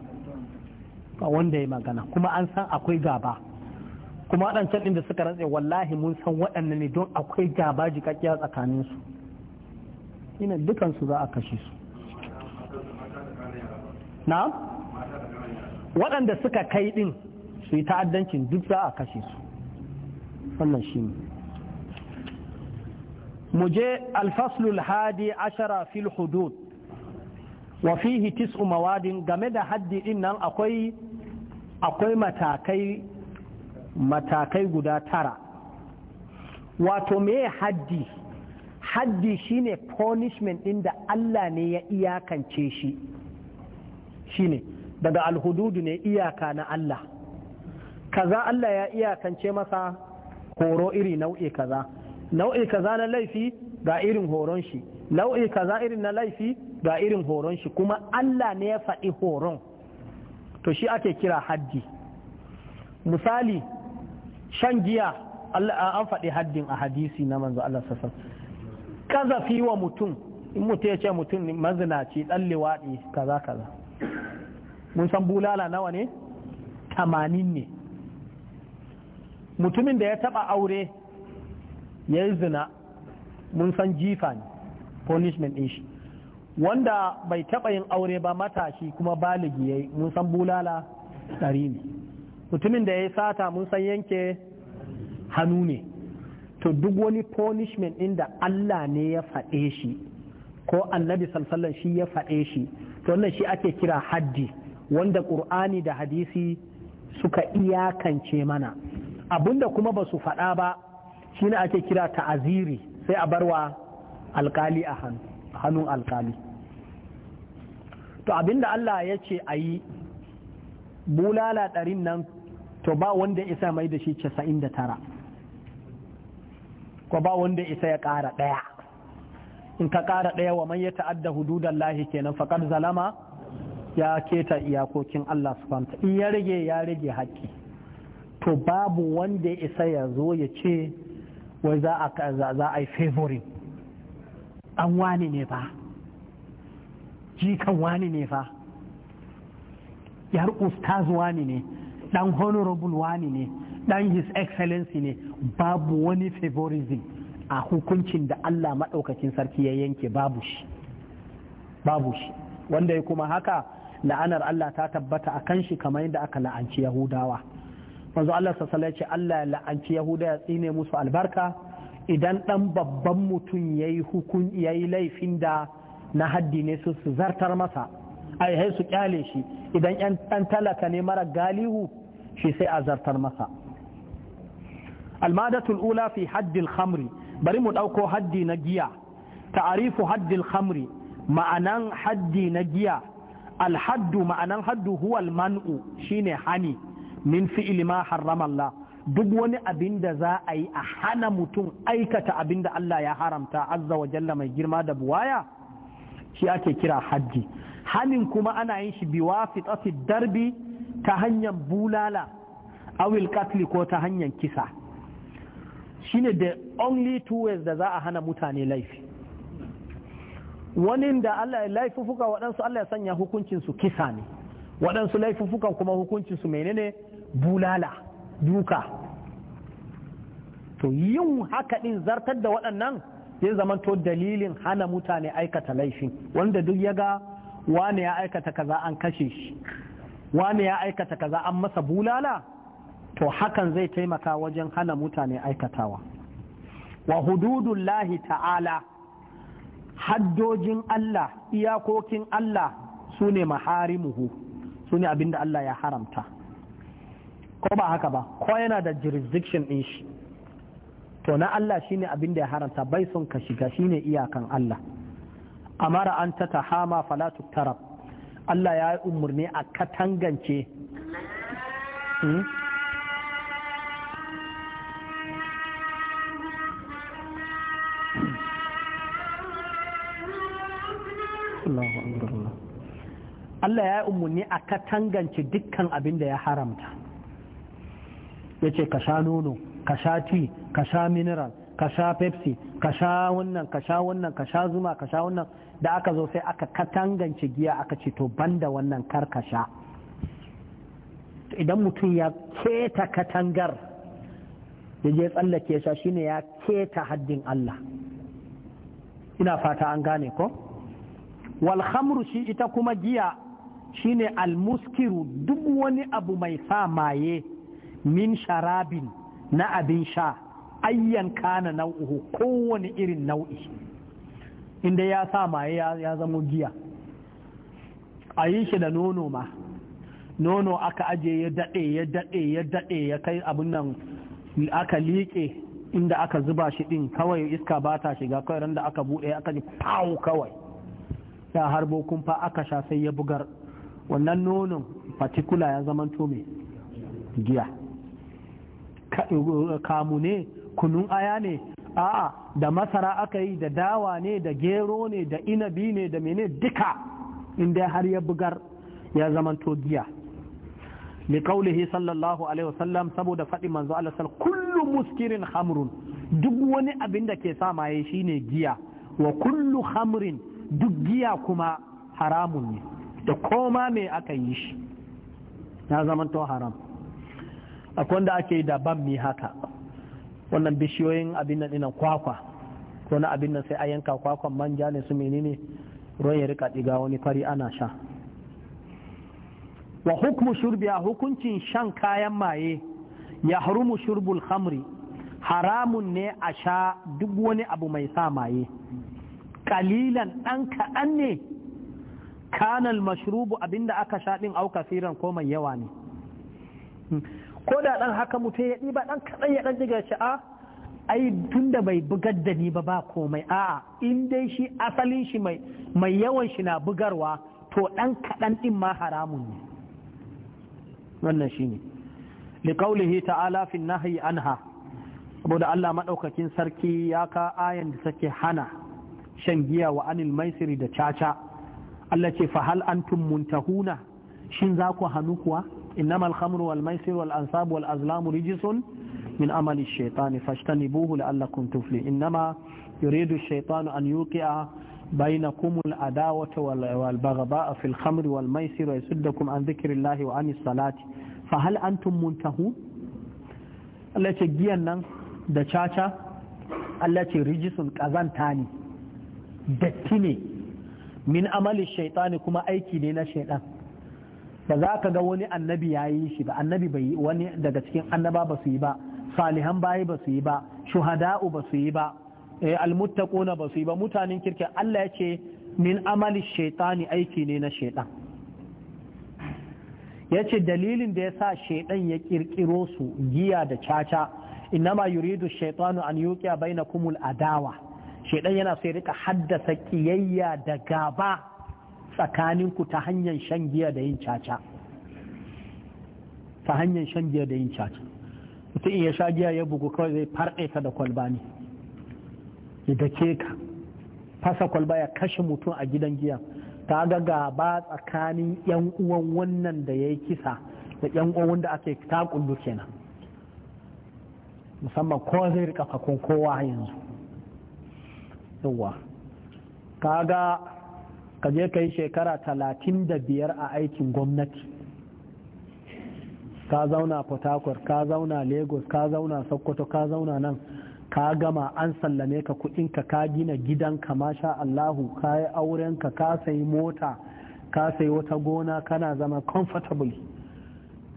ba wanda ya yi magana kuma an san akwai gaba kuma waɗancan ɗin da suka rantse wallahi mun san waɗannan ne don akwai gaba jikakkiya tsakaninsu ina dukansu za a kashe su na'am waɗanda suka kai ɗin su yi ta'addancin duk za a kashe su wannan shi ne mu je alfaslul hadi ashara fil hudud wa fihi tis'u mawadin game da haddi ɗin nan akwai akwai matakai matakai guda tara wato me haddi haddi shine punishment ɗin da Allah ne ya iyakance shi shine daga alhududu ne iyaka na Allah kaza Allah ya iyakance masa horo iri nau'i kaza nau'i kaza na laifi ga irin horon shi nau'i kaza irin na laifi ga irin horon shi kuma Allah ne ya faɗi horon to shi ake kira haddi misali shan giya an faɗi haddin a hadisi na manzo Allah sassan kazafi wa mutum in mutum ya ce mutum mazinaci dan liwaɗi kaza kaza mun san bulala nawa ne tamanin ne mutumin da ya taɓa aure ya yi zina mun san jifa ne punishment din shi wanda bai taɓa yin aure ba matashi kuma baligi ya yi mun san bulala ɗari ne mutumin da ya yi sata mun san yanke hannu ne to duk wani punishment inda Allah ne ya faɗe shi ko annabi sallallahu shi ya faɗe shi to wannan shi ake kira haddi wanda qur'ani da hadisi suka iyakance mana abinda kuma ba su faɗa ba shine ake kira ta'aziri sai a barwa alkali a hannun alkali to abinda Allah ya ce a yi bulala ɗarin nan to ba wanda isa mai da shi casa'in da tara ko ba wanda isa ya ƙara ɗaya in ka ƙara ɗaya wa man ya ta'adda hududan lahi kenan faƙar zalama ya keta iyakokin Allah subhanahu in ya rage ya rage haƙƙi to babu wanda isa ya zo ya ce wai za a yi favorin an wani ne fa jikan wani ne fa yar ustaz wani ne dan honorable wani ne dan his excellency ne babu wani favorism a hukuncin da Allah maɗaukacin sarki ya yanke babu shi babu shi wanda ya kuma haka la'anar Allah ta tabbata a kan shi kamar yadda aka la'anci Yahudawa manzo Allah sassala ya Allah ya la'anci Yahuda ya tsine musu albarka idan dan babban mutum yayi yi hukun yayi laifin da na haddi ne su su zartar masa ai hai su kyale shi idan yan ɗan talaka ne mara galihu shi sai a zartar masa almadatul ula fi haddil khamri bari mu ɗauko haddi na giya ta'arifu haddil khamri ma'anan haddi na giya alhaddu ma'anan haddu huwa alman'u shine hani min fi'li ma harrama Allah duk wani abin da za a yi a hana mutum aikata abin da Allah ya haramta azza wa jalla mai girma da buwaya shi ake kira haddi hanin kuma ana yin shi biwa fitasi darbi ta hanyar bulala awil katli ko ta hanyar kisa shine the only two ways da za a hana mutane laifi wani da Allah laifufuka waɗansu Allah ya sanya hukuncinsu kisa ne waɗansu laifufukan kuma hukuncinsu menene bulala duka to yin haka ɗin zartar da waɗannan zai zamanto dalilin hana mutane aikata laifin wanda duk ya ga wane ya aikata kaza an kashe shi wane ya aikata kaza an masa bulala to hakan zai taimaka wajen hana mutane aikatawa wa hududullahi ta'ala haddojin Allah iyakokin Allah su ne maharimuhu su ne abinda Allah ya haramta ko ba haka ba ko yana da jurisdiction ɗin shi to na Allah shine abin da ya haramta bai son ka shiga shine iyakan Allah amara an ta tahama falatu tarab, Allah ya yi umarni a katangance hmm? Allah ya yi umarni a katangance dukkan abin da ya haramta ya ce ka sha nono ka sha ti ka sha mineral ka sha pepsi ka sha wannan ka sha wannan ka sha zuma ka sha wannan da aka zo sai aka katangance giya aka ce to banda wannan kar ka sha idan mutum ya keta katangar ya je tsallake sha shine ya keta haddin Allah ina fata an gane ko wal khamru shi ita kuma giya shine almuskiru duk wani abu mai sa maye min sharabin na abin sha ayyan kana nau'uhu kowane irin nau'i inda ya sa maye ya zamo giya a yi shi da nono ma nono aka aje ya daɗe ya daɗe ya daɗe ya kai abin nan aka liƙe inda aka zuba shi ɗin kawai iska ba ta shiga kawai randa aka buɗe aka ji pawo kawai ya harbo kumfa aka sha sai ya bugar wannan nonon fatikula ya zamanto mai giya kamu ne kunun aya ne a'a da masara aka yi da dawa ne da gero ne da inabi ne da mene duka inda har ya bugar ya zamanto giya li qaulihi sallallahu alaihi wasallam saboda faɗi manzo Allah sal kullu muskirin hamrun duk wani abin da ke sa maye shine giya wa kullu hamrin duk giya kuma haramun ne da koma mai aka yi shi na zaman to haram akwai wanda ake yi da bammi haka wannan bishiyoyin abin nan dinan kwakwa ko na abin nan sai a yanka kwakwan manja ne su menene ruwan ya rika diga wani fari ana sha wa shurbi a hukuncin shan kayan maye ya harumu shurbul khamri haramun ne a sha duk wani abu mai sa maye kalilan ɗan kaɗan ne kanal mashrubu abinda aka sha din au kasiran ko mai yawa ne ko da dan haka mutum ya ɗiba dan kaɗan ya ɗan jiga shi a ah, ai tunda bai bugar da ni ba ba komai a in dai shi asalin shi mai mai yawan shi na bugarwa to dan kaɗan din ma haramun ne wannan shine liqaulihi ta'ala fi nahyi anha saboda Allah madaukakin sarki ya ka ayan da take hana shan giya wa anil maisiri da caca Allah ce fa hal antum muntahuna shin za ku hannu kuwa innamal khamru wal maisir wal ansab wal azlamu rijsun min amali shaytani fashtanibuhu la'allakum tuflihun innama yuridu ash-shaytanu an yuqi'a بينكم العداوة والبغضاء في الخمر والميسر ويسدكم عن ذكر الله وعن الصلاة فهل أنتم منتهون التي جينا دشاشة التي رجس كذان تاني دتني min amali shaitani kuma aiki ne na shaitan ba za ka ga wani annabi ya yi shi ba annabi bai wani daga cikin annaba ba su yi ba salihan bayi ba su yi ba shuhada'u ba su yi ba eh, almuttaquna ba su yi ba mutanen kirki Allah ya ce min amali shaitani aiki ne na shaitan ya ce dalilin da ya sa shaitan ya kirkiro su giya da caca innama yuridu shaitanu an yuqiya bainakumul adawa shedan yana sai rika haddasa kiyayya da gaba tsakaninku ta hanyar shan giya da yin caca ta hanyar shan giya da yin caca mutum in ya sha giya ya bugu kawai zai farɗe ka da kwalba ne ya dake ka fasa kwalba ya kashe mutum a gidan giya ta ga gaba tsakanin yan uwan wannan da ya yi kisa da yan uwan wanda ake ta kullu kenan musamman kowa zai rika fakon kowa yanzu yawa kaga ka je ka yi shekara talatin da biyar a aikin gwamnati ka zauna port ka zauna lagos ka zauna sokoto ka zauna nan ka gama an sallame ka kuɗinka ka gina gidanka masha allahu ka yi aurenka ka sayi mota ka sayi wata gona kana zama comfortable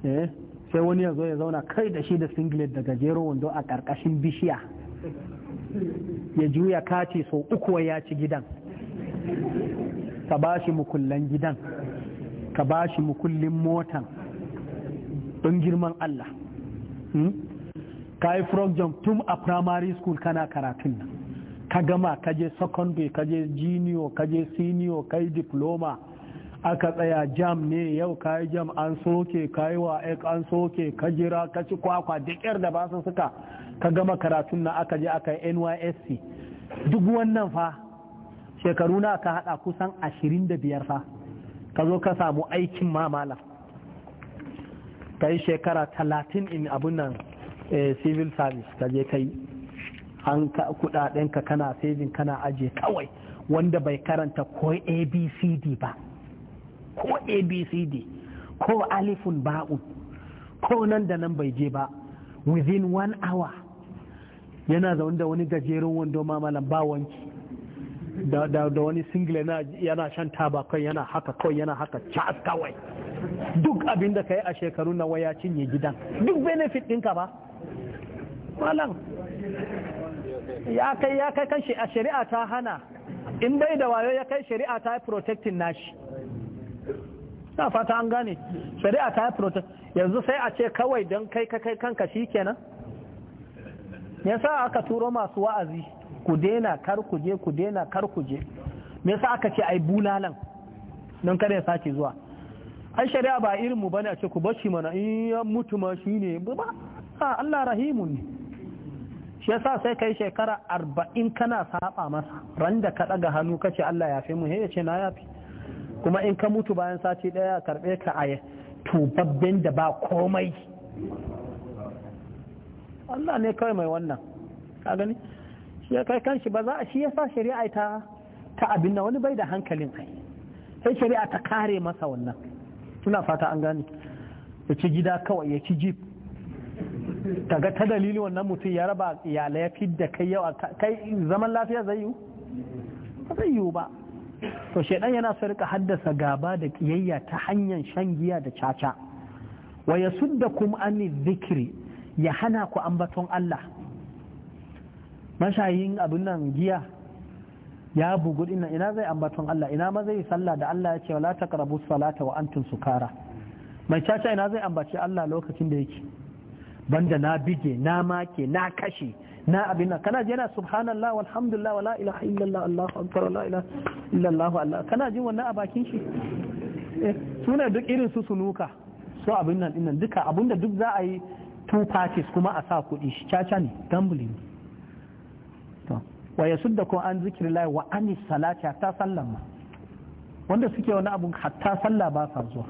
eh, sai wani ya zo ya zauna kai da shi da singlet daga jero wando a ƙarƙashin bishiya ya juya kati so uku ya ci gidan ka ba shi mukullan gidan ka ba shi mukullin motan don girman Allah hmm? ka yi frog jump tun a primary school kana karatun nan ka gama ka je secondary ka je junior ka je senior ka diploma aka tsaya jam ne yau ka yi jam an soke ka yi wa an soke ka jira ka ci kwakwa da yar da ba su suka ka gama karatun na aka je aka yi nysc duk wannan fa shekaru na ka hada kusan ashirin da biyar fa ka zo ka samu aikin mamala ka yi shekara talatin in abun nan eh, civil service ka je ka yi an ka kana saving kana aje kawai wanda bai karanta ko abcd ba ko abcd ko alifun ba'u ko nan da nan bai je ba within one hour yana zaune da wani gajeren wando ma malam ba wanki da wani single yana shan taba kai yana haka kai yana haka cas kawai duk abin da ka yi a shekaru na waya cinye gidan duk benefit ɗinka ba malam ya kai ya kai kanshi a shari'a ta hana in bai da wayo ya kai shari'a ta yi protecting nashi na fata an gane shari'a ta yi protect yanzu sai a ce kawai don kai kai kanka shi kenan me yasa aka turo masu wa'azi ku daina kar ku je ku daina kar ku je me yasa aka ce ai bulalan don kada ya sake zuwa ai shari'a ba irin mu bane a ce ku bashi mana in ya mutu ma shine ba ha Allah rahimun ne shi yasa sai kai shekara arba'in kana saba masa ran da ka daga hannu kace Allah ya fi mu he yace na yafi kuma in ka mutu bayan sati daya karbe ka aya to babben da ba komai Allah ne kawai mai wannan ka gani shi kai kanshi ba za a shi yasa shari'a ta ta abin wani bai da hankalin ai sai shari'a ta kare masa wannan suna fata an gani ya ci gida kawai ya ci jeep kaga ta dalili wannan mutum ya raba iyalai ya fidda kai yau kai zaman lafiya zai yi ba zai yi ba to shedan yana so rika haddasa gaba da kiyayya ta hanyar shan giya da caca wa yasuddakum anil zikiri ya hana ku ambaton Allah mashayin abin nan giya ya bugu ina ina zai ambaton Allah ina ma zai sallah da Allah ya ce wala taqrabu salata wa antum sukara mai caca ina zai ambaci Allah lokacin da yake banda na bige na make na kashe na abin nan kana jina subhanallah walhamdulillah wala ilaha illallah allahu akbar la ilaha illallah allah kana jin wannan a bakin shi eh, suna duk irin su sunuka su abin nan dinnan duka abinda duk za a yi two parties kuma a sa kuɗi shi caca ne gambling wa ya sudda ko an zikir lai wa an salati hatta sallan ma wanda suke wani abu hatta sallah ba sa zuwa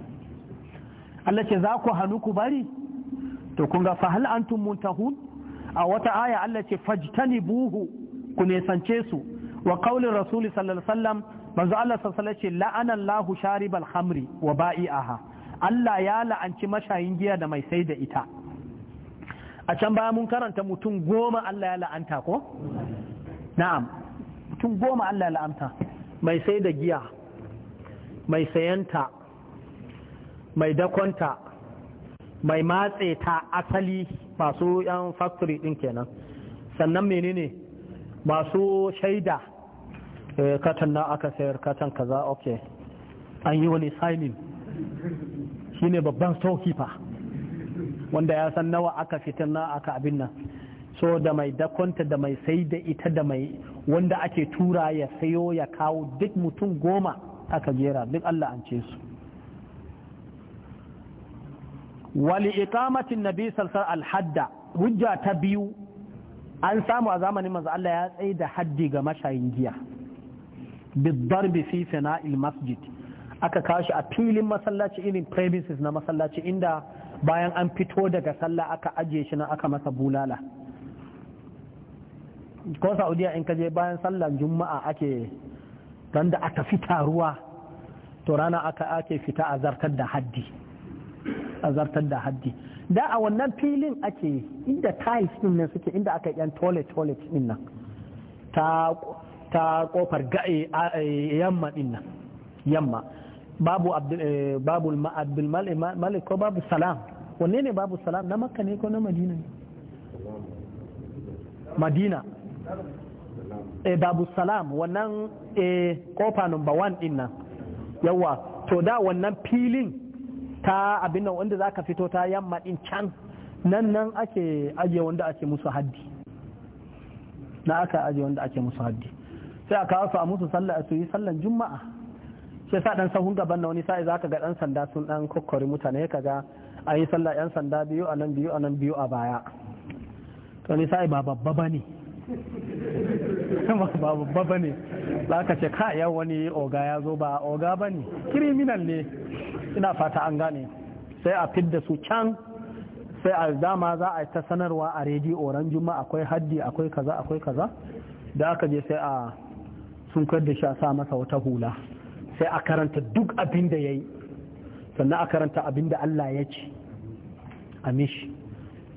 Allah ce za ku hannu ku bari to kun ga fahal antum muntahun a wata aya Allah ce buhu ku nesance su wa qaulin rasuli sallallahu alaihi wasallam manzo Allah sallallahu ce la'ana Allahu sharibal khamri wa ba'i aha. Allah ya la'anci mashayin giya da mai sai da ita a can baya mun karanta mutum goma Allah ya la'anta ko na'am mutum goma Allah ya la'anta mai sai da giya mai sayanta mai dakonta mai matse ta asali masu yan factory ɗin kenan sannan menene masu shaida eh, katon na aka sayar katon kaza oke. an yi wani signing shine babban storekeeper wanda ya san nawa aka fitar na aka abin nan so da mai dakonta da mai sai da ita da mai wanda ake tura ya sayo ya kawo duk mutum goma aka jera duk Allah an ce su wali iqamatin nabi salsal alhadda hujja ta biyu an samu a zamanin manzo Allah ya tsaye da haddi ga mashayin giya bidarbi fi fina'il masjid aka kashi a filin masallaci irin premises na masallaci inda bayan an fito daga sallah aka ajiye shi na aka masa bulala ko saudiya in ka je bayan sallar juma'a ake don da aka fita ruwa to rana aka ake fita a zartar da haddi a zartar da haddi da a wannan filin ake inda tiles din nan suke inda aka yan toilet toilet din nan ta ta kofar ga'e eh, eh, yamma din nan yamma babu eh, babu abdul malik ko babu salam wanne ne babu salam na makka ne ko na madina ne madina e babu salam wannan e kofa number one din nan yawa to da wannan filin ta abin nan wanda zaka fito ta yamma din can nan nan ake aje wanda ake musu haddi na aka aje wanda ake musu haddi sai aka kawo a musu sallah su yi sallan juma'a sai sa dan sahun gaban na wani sai zaka ga dan sanda sun dan kokkori mutane kaga a yi sallah yan sanda biyu a nan biyu a nan biyu a baya to ni sai ba babba ba ne *laughs* ba babba ba ne za ka ce ka yau wani oga ya zo ba oga ba ne kiriminal ne ina fata an gane sai a fidda su can sai a dama za a yi ta sanarwa a rediyo ran juma akwai haddi akwai kaza akwai kaza da aka je sai a sunkar da shi a sa masa wata hula sai a karanta duk abin da ya yi sannan a karanta abin da Allah ya ce a mishi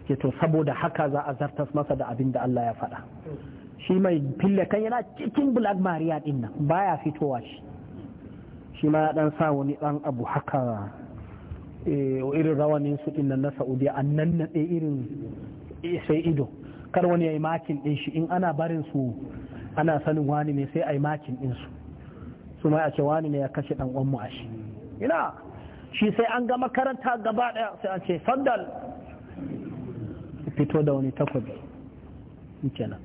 ke to saboda haka za a zartas masa da abin da Allah ya faɗa shi mai fille kan yana cikin black maria din nan baya fitowa shi shi ma ya dan sa wani dan abu haka eh, irin rawanin su din nan na Saudiya annan na irin eh, sai ido kar wani yayi makin din shi in ana barin su ana sanin wani ne sai ai makin din su su ma a ce wani ne ya kashe dan uwan mu a shi ina shi sai an ga makaranta gaba daya sai an ce faddal fito da wani takwabi kenan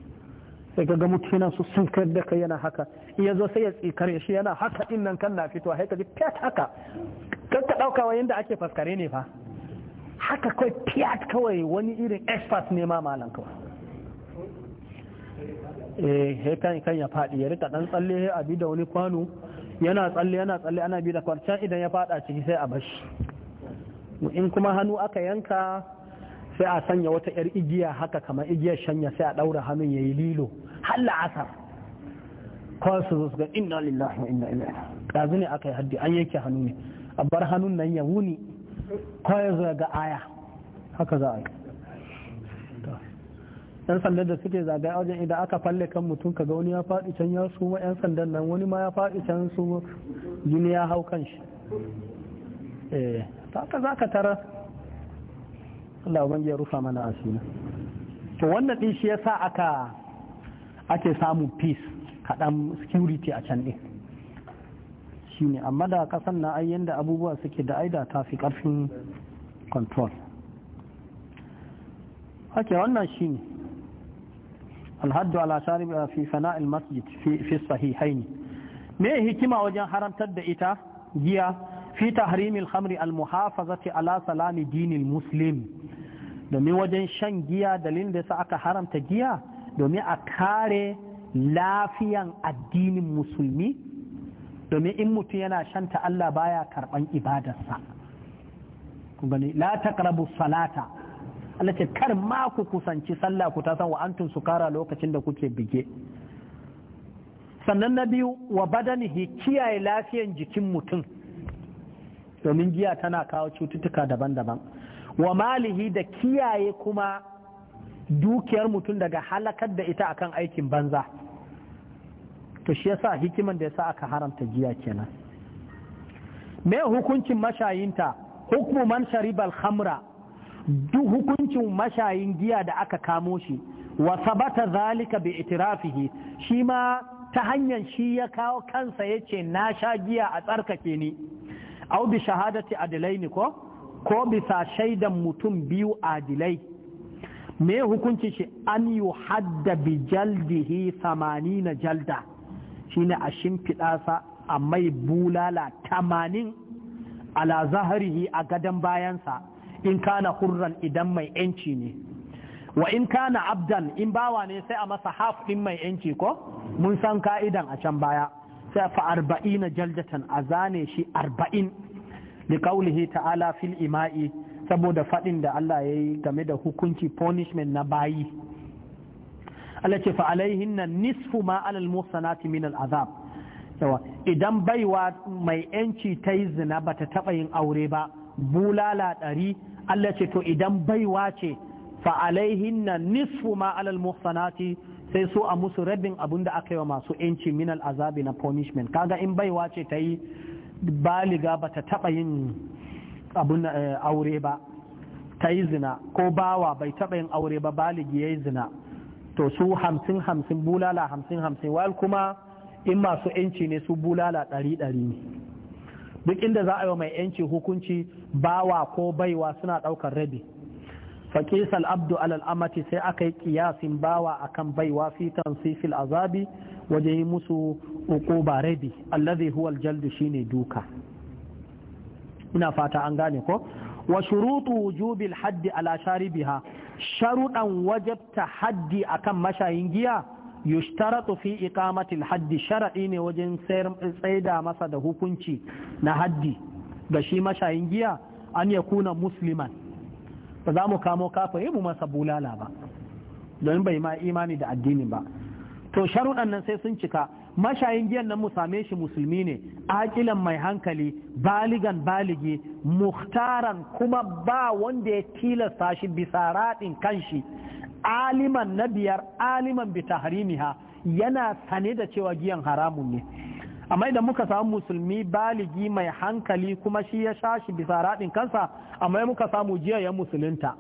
sai ka ga mutuna su sun da kai yana haka in ya zo sai ya tsikare shi yana haka din nan kan na fito sai ka ji fiyat haka kan ka dauka wa yanda ake faskare ne fa haka kawai fiyat kawai wani irin expert ne ma malam kawai eh kan kan ya fadi ya rika dan tsalle a bi da wani kwano yana tsalle yana tsalle ana bi da kwarcan idan ya fada ciki sai a bashi in kuma hannu aka yanka sai a sanya wata yar igiya haka kamar igiyar shanya sai a daura hannun yayi lilo har la'asar kawai su zo ga inna lillahi wa inna ilaihi ɗazu ne aka yi haddi an yanke hannu ne a bar hannun nan ya wuni kawai zuwa ga aya haka za a yi yan sandan da suke zagaya wajen idan aka falle kan mutum kaga wani ya faɗi can ya suma yan sandan nan wani ma ya faɗi can su jini ya hau kan shi eh haka za ka tara Allah ban ya rufa mana asiri to wannan din shi yasa aka ake samun peace kaɗan security a can din shine amma da kasan na ai yanda abubuwa suke da aida ta fi ƙarfin control ake wannan shine alhaddu ala sharib eh, fi fana'il masjid fi sahihaini me hikima wajen haramtar da ita giya fi tahrimil khamri al muhafazati ala salami dinil muslim domin wajen shan giya dalilin da sa aka haramta giya domin a kare lafiyan addinin musulmi domin in mutum yana shanta Allah baya karban ibadarsa gani la taqrabu salata Allah ce kar ma ku kusanci sallah ku ta san wa antum sukara lokacin da kuke bige sannan na biyu wa badanihi kiyaye lafiyan jikin mutum domin giya tana kawo cututtuka daban-daban wa malihi da kiyaye kuma dukiyar mutum daga halakar da ita akan aikin banza to shi yasa hikiman da yasa aka haramta giya kenan me hukuncin mashayinta hukumu man sharibal khamra duk hukuncin mashayin giya da aka kamo shi wa sabata zalika bi itirafihi shi ma ta hanyar shi ya kawo kansa ya ce na sha giya a tsarkake ni au bi shahadati adilaini ko ko bisa shaidan mutum biyu adilai me hukunci shi an yi hadda bi jaldihi na jalda shine a shimfiɗa sa a mai bulala tamanin ala zaharihi a gadon bayansa in kana hurran idan mai yanci ne wa in kana abdan in bawa ne sai a masa haf din mai yanci ko mun san ka'idan a can baya sai fa arba'ina jaldatan a zane shi arba'in li qawlihi ta'ala fil ima'i saboda fadin da Allah yayi game da hukunci punishment na bayi Allah ce fa alaihinna nisfu ma alal muhsanati min al azab idan baiwa mai yanci ta yi zina bata taba yin aure ba bulala ɗari Allah ce to idan baiwa ce fa alaihinna nisfu ma alal muhsanati sai su a musu rabin abin da aka yi wa masu yanci minal azabi na punishment kaga in baiwa ce ta yi baliga ba ta taɓa yin abin eh, aure ba ta yi zina ko bawa bai taɓa yin aure ba baligi ya yi zina to su hamsin hamsin bulala hamsin hamsin wal kuma in masu yanci ne su bulala ɗari ɗari ne duk inda za a yi wa mai yanci hukunci bawa ko baiwa suna ɗaukar rabi faƙisal abdu alal amati sai aka yi ƙiyasin bawa akan baiwa fi tansifil azabi waje yi musu uquba rabi allazi huwa aljaldu shine duka ina fata an gane ko wa shurutu wujubil haddi ala sharibiha sharudan wajabta haddi akan mashayin giya yushtaratu fi iqamatil haddi shar'i ne wajen tsayar masa da hukunci na haddi ga shi mashayin giya an ya kuna musliman ba za mu kamo kafa yi mu masa bulala ba don bai ma imani da addini ba to sharuɗan nan sai sun cika mashayin giyan nan mu same shi musulmi ne aƙilan mai hankali baligan baligi muhtaran kuma ba wanda ya tilasta shi bisa raɗin kanshi aliman na biyar aliman bi tahrimiha yana sane da cewa giyan haramun ne amma idan muka samu musulmi baligi mai hankali kuma shi ya shashi bisa raɗin kansa amma muka samu jiya ya musulunta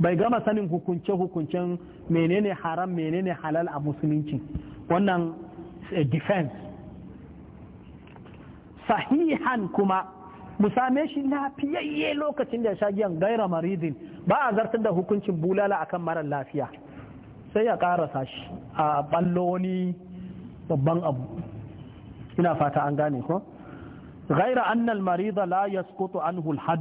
bai gama sanin hukunce hukuncen menene haram menene halal a musulunci wannan eh, defense sahihan kuma mu same shi lafiyayye lokacin da ya sha giyan gaira maridin ba a zartar da hukuncin bulala akan mara lafiya sai ya karasa shi a ballo wani babban abu ina fata an gane ko ghaira annal marida la yasqutu anhu al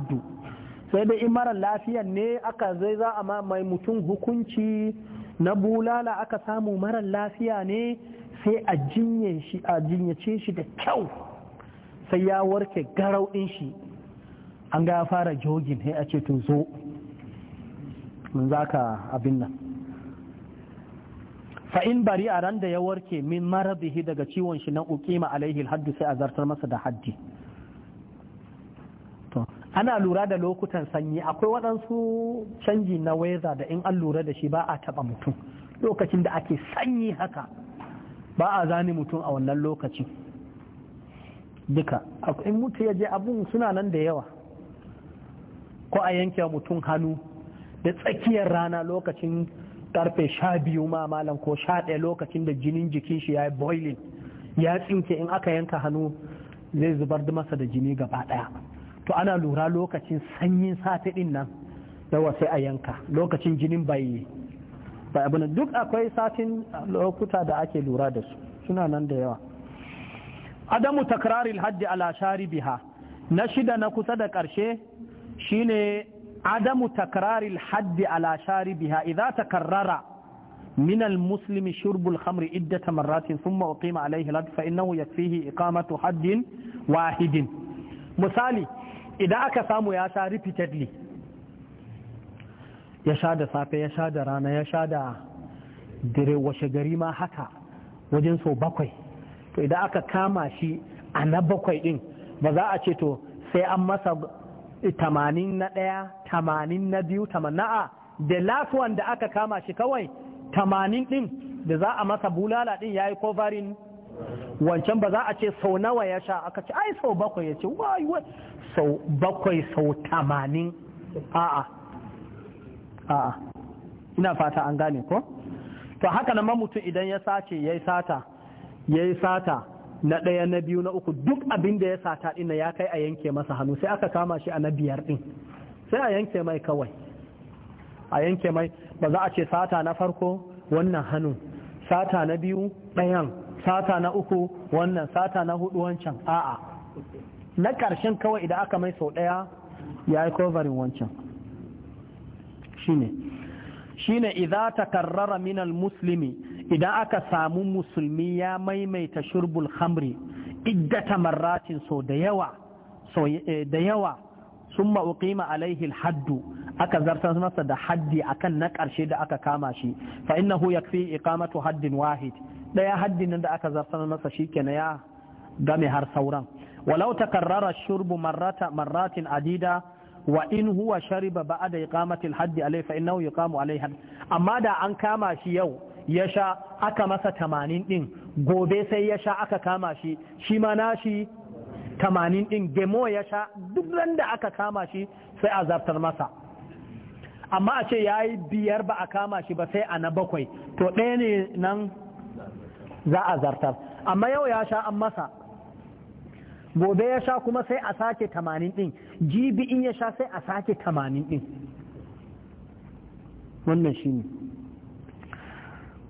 sai dai in mara lafiyan ne aka zai za a mai mutum hukunci na bulala aka samu mara lafiya ne sai a jinye shi a jinyace shi da kyau sai ya warke garau din shi an ga fara jogin sai a ce to zo mun zaka abin nan fa in bari a ran da ya warke min marabihi daga ciwon shi na ukima alaihi haddu sai a zartar masa da haddi to ana lura da lokutan sanyi akwai waɗansu canji na weather da in an lura da shi ba a taɓa mutum lokacin da ake sanyi haka ba a zani mutum a wannan lokaci. duka in mutu ya je abun suna nan da yawa ko a yanke mutum hannu da tsakiyar rana lokacin karfe sha biyu ma malam ko sha ɗaya lokacin da jinin jikin shi ya yi boiling ya tsinke in aka yanka hannu zai zubar da masa da jini gaba ɗaya to ana lura lokacin sanyin safe ɗin nan yawa sai a yanka lokacin jinin bai Ba abu duk akwai satin lokuta da ake lura da su suna nan da yawa adamu takraril hajji ala biha na shida na kusa da ƙarshe shine عدم تكرار الحد على شاربها إذا تكرر من المسلم شرب الخمر عدة مرات ثم أقيم عليه الحد فإنه يكفيه إقامة حد واحد مثالي إذا أكسام يا شارب تدلي يا شاد da يا شاد رانا يا rana ya sha da dire washe gari ma haka wajen sau bakwai to idan aka kama shi a na bakwai din ba za a ce to sai an masa tamanin na ɗaya tamanin na biyu tamana'a da lasuwan da aka kama shi kawai tamanin ɗin da za a masa bulala ɗin ya yi kovarin wancan ba za a ce sau nawa ya sha aka ce ai sau bakwai ya ce wai wai sau bakwai sau tamanin a'a a'a ina fata an gane ko to haka na mamutu idan ya sace ya yi sata ya yi sata na ɗaya na biyu na uku duk abin da ya sata ɗin ya kai a yanke masa hannu sai aka kama shi a na biyar ɗin sai a yanke mai kawai a yanke mai ba za a ce sata na farko wannan hannu, sata na biyu ɗayan sata na uku wannan sata na hudu wancan a'a na ƙarshen kawai idan aka mai sau ɗaya ya yi kovarin wancan shine shine idza takarrara minal muslimi idan aka samu musulmi ya maimaita shurbul khamri iddata marratin so da yawa so eh, da yawa summa uqima alaihi haddu aka zartar masa da haddi akan na karshe da aka kama shi fa innahu yakfi iqamatu haddin wahid daya haddin nan da aka zartar masa shikenan ya game har sauran walau takarrara shurbu marrata marratin adida wa in huwa shariba ba'da iqamati al-haddi alaihi fa innahu yuqamu alaihi amma da an kama shi yau ya sha aka masa tamanin ɗin gobe sai ya sha aka kama shi shi ma nashi tamanin ɗin gemo ya sha duk ran aka kama shi sai a zartar masa amma a ce ya yi biyar ba a kama shi ba sai a na bakwai to ɗaya ne nan za a zartar amma yau ya sha an masa gobe ya sha kuma sai a sake tamanin ɗin jibi in ya sha sai a sake tamanin ɗin wannan shi ne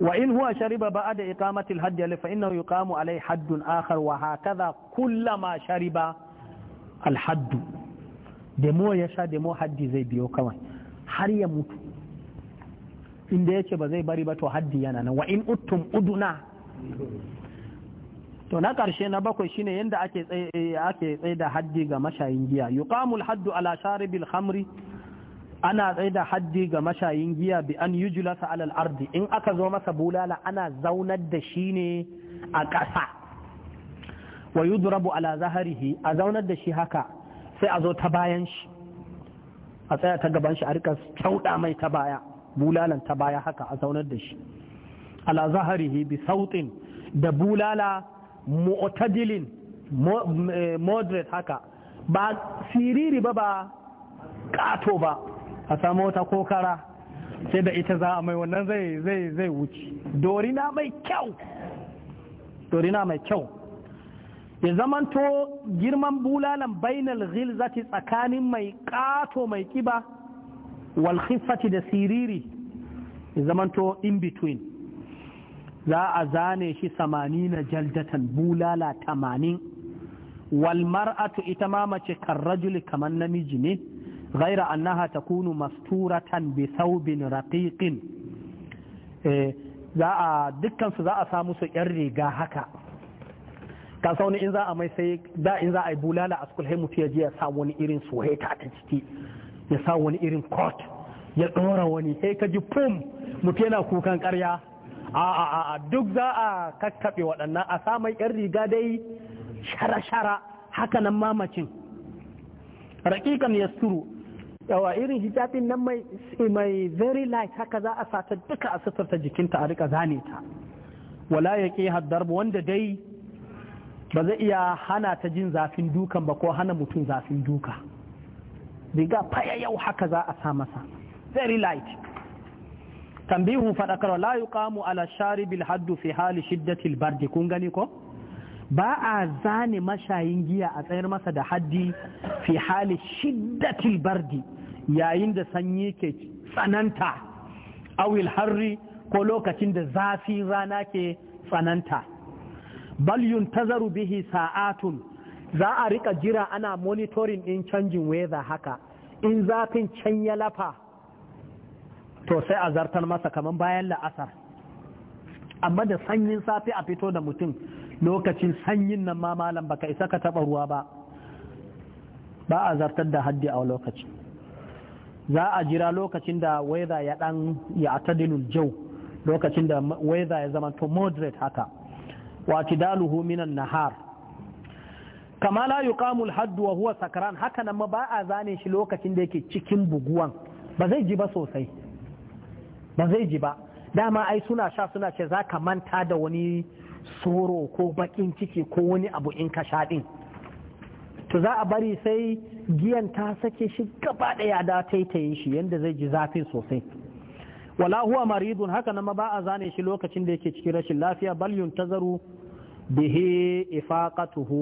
وإن huwa shariba بعد إقامة الحج فإنه يقام عليه حد آخر وهكذا كلما شرب الحد demo ya sha demo haddi zai biyo kawai har ya mutu inda ya ce ba zai bari ba to haddi yana nan wa in uttum uduna to na karshe na bakwai shine yadda ake tsaye da haddi ga mashayin giya yuqamul haddu ala sharibil khamri ana tsaye da haddi ga mashayin giya bi an yi julasa alal ardi in aka zo masa bulala ana zaunar da shi ne a ƙasa wa durabu ala zaharihi a zaunar da shi haka sai a zo ta bayan shi a tsaya ta gaban shi a rika kyauɗa mai ta baya bulalan ta baya haka a zaunar da shi ala zaharihi bi sautin da bulala mu'tadilin eh, moderate haka ba siriri ba ba ƙato ba a samu wata kokara sai da ita za a mai wannan zai zai zai wuce dorina mai kyau dorina mai kyau ya zamanto girman bulalan bainal ghilzati tsakanin mai kato mai kiba wal khiffati da siriri ya zamanto in between za a zane shi na jaldatan bulala tamanin wal mar'atu ita ma mace kan rajuli kamar namiji ne ghaira annaha takunu masturatan bi thawbin raqiqin za a dukkan su za a riga haka ka sa wani in za a mai sai da in za a yi bulala a school mutu ya je ya sa wani irin suheta ta ciki ya sa wani irin court ya ɗora wani sai ka ji pum mutu yana kukan karya a a a duk za a kakkaɓe waɗannan a samun yan riga dai shara-shara haka nan mamacin raƙiƙan ya suru yawa irin hijabin nan mai mai very light haka za a sata duka a suturta jikinta a rika zane ta wala yake haddar wanda dai ba zai iya hana ta jin zafin dukan ba ko hana mutum zafin duka riga faya yau haka za a sa masa very light tambihun faɗakar la yuqamu ala sharibil haddu fi hali shiddatil bardi kun gani ko ba a zane mashayin giya a tsayar masa da haddi fi hali shiddatil bardi yayin da sanyi ke tsananta awil harri ko lokacin da zafi rana ke tsananta bal yuntazaru bihi sa'atun za a rika jira ana monitorin din canjin weather haka in zafin can ya lafa to sai a zartar masa kamar bayan la'asar amma da sanyin safe a fito da mutum lokacin sanyin nan ma malam baka isa ka taɓa ruwa ba ba a zartar da haddi a lokaci za a jira lokacin da weather ya dan ya atadilul jau lokacin da weather ya zama to moderate haka wa tidaluhu minan nahar kama la yuqamu al-hadd wa huwa sakran haka nan ma ba a zane shi lokacin da yake cikin buguwan ba zai ji ba sosai ba zai ji ba dama ai suna sha suna ce zaka manta da wani soro ko bakin ciki ko wani abu in ka sha ɗin to za a bari sai giyan ta sake shi gaba ɗaya da taitaye shi yadda zai ji zafin sosai wala huwa maridun haka nan ba a zane shi lokacin da yake cikin rashin lafiya bal yuntazaru bihi ifaqatuhu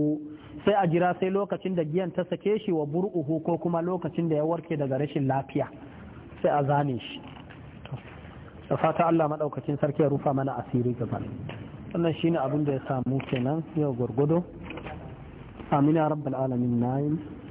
sai a jira sai lokacin da giyan ta sake shi wa bur'uhu ko kuma lokacin da ya warke daga rashin lafiya sai a zane shi da fata Allah madaukakin sarki ya rufa mana asiri gaba wannan shi abin da ya samu kenan yau gwargwado amina rabbal alamin na'im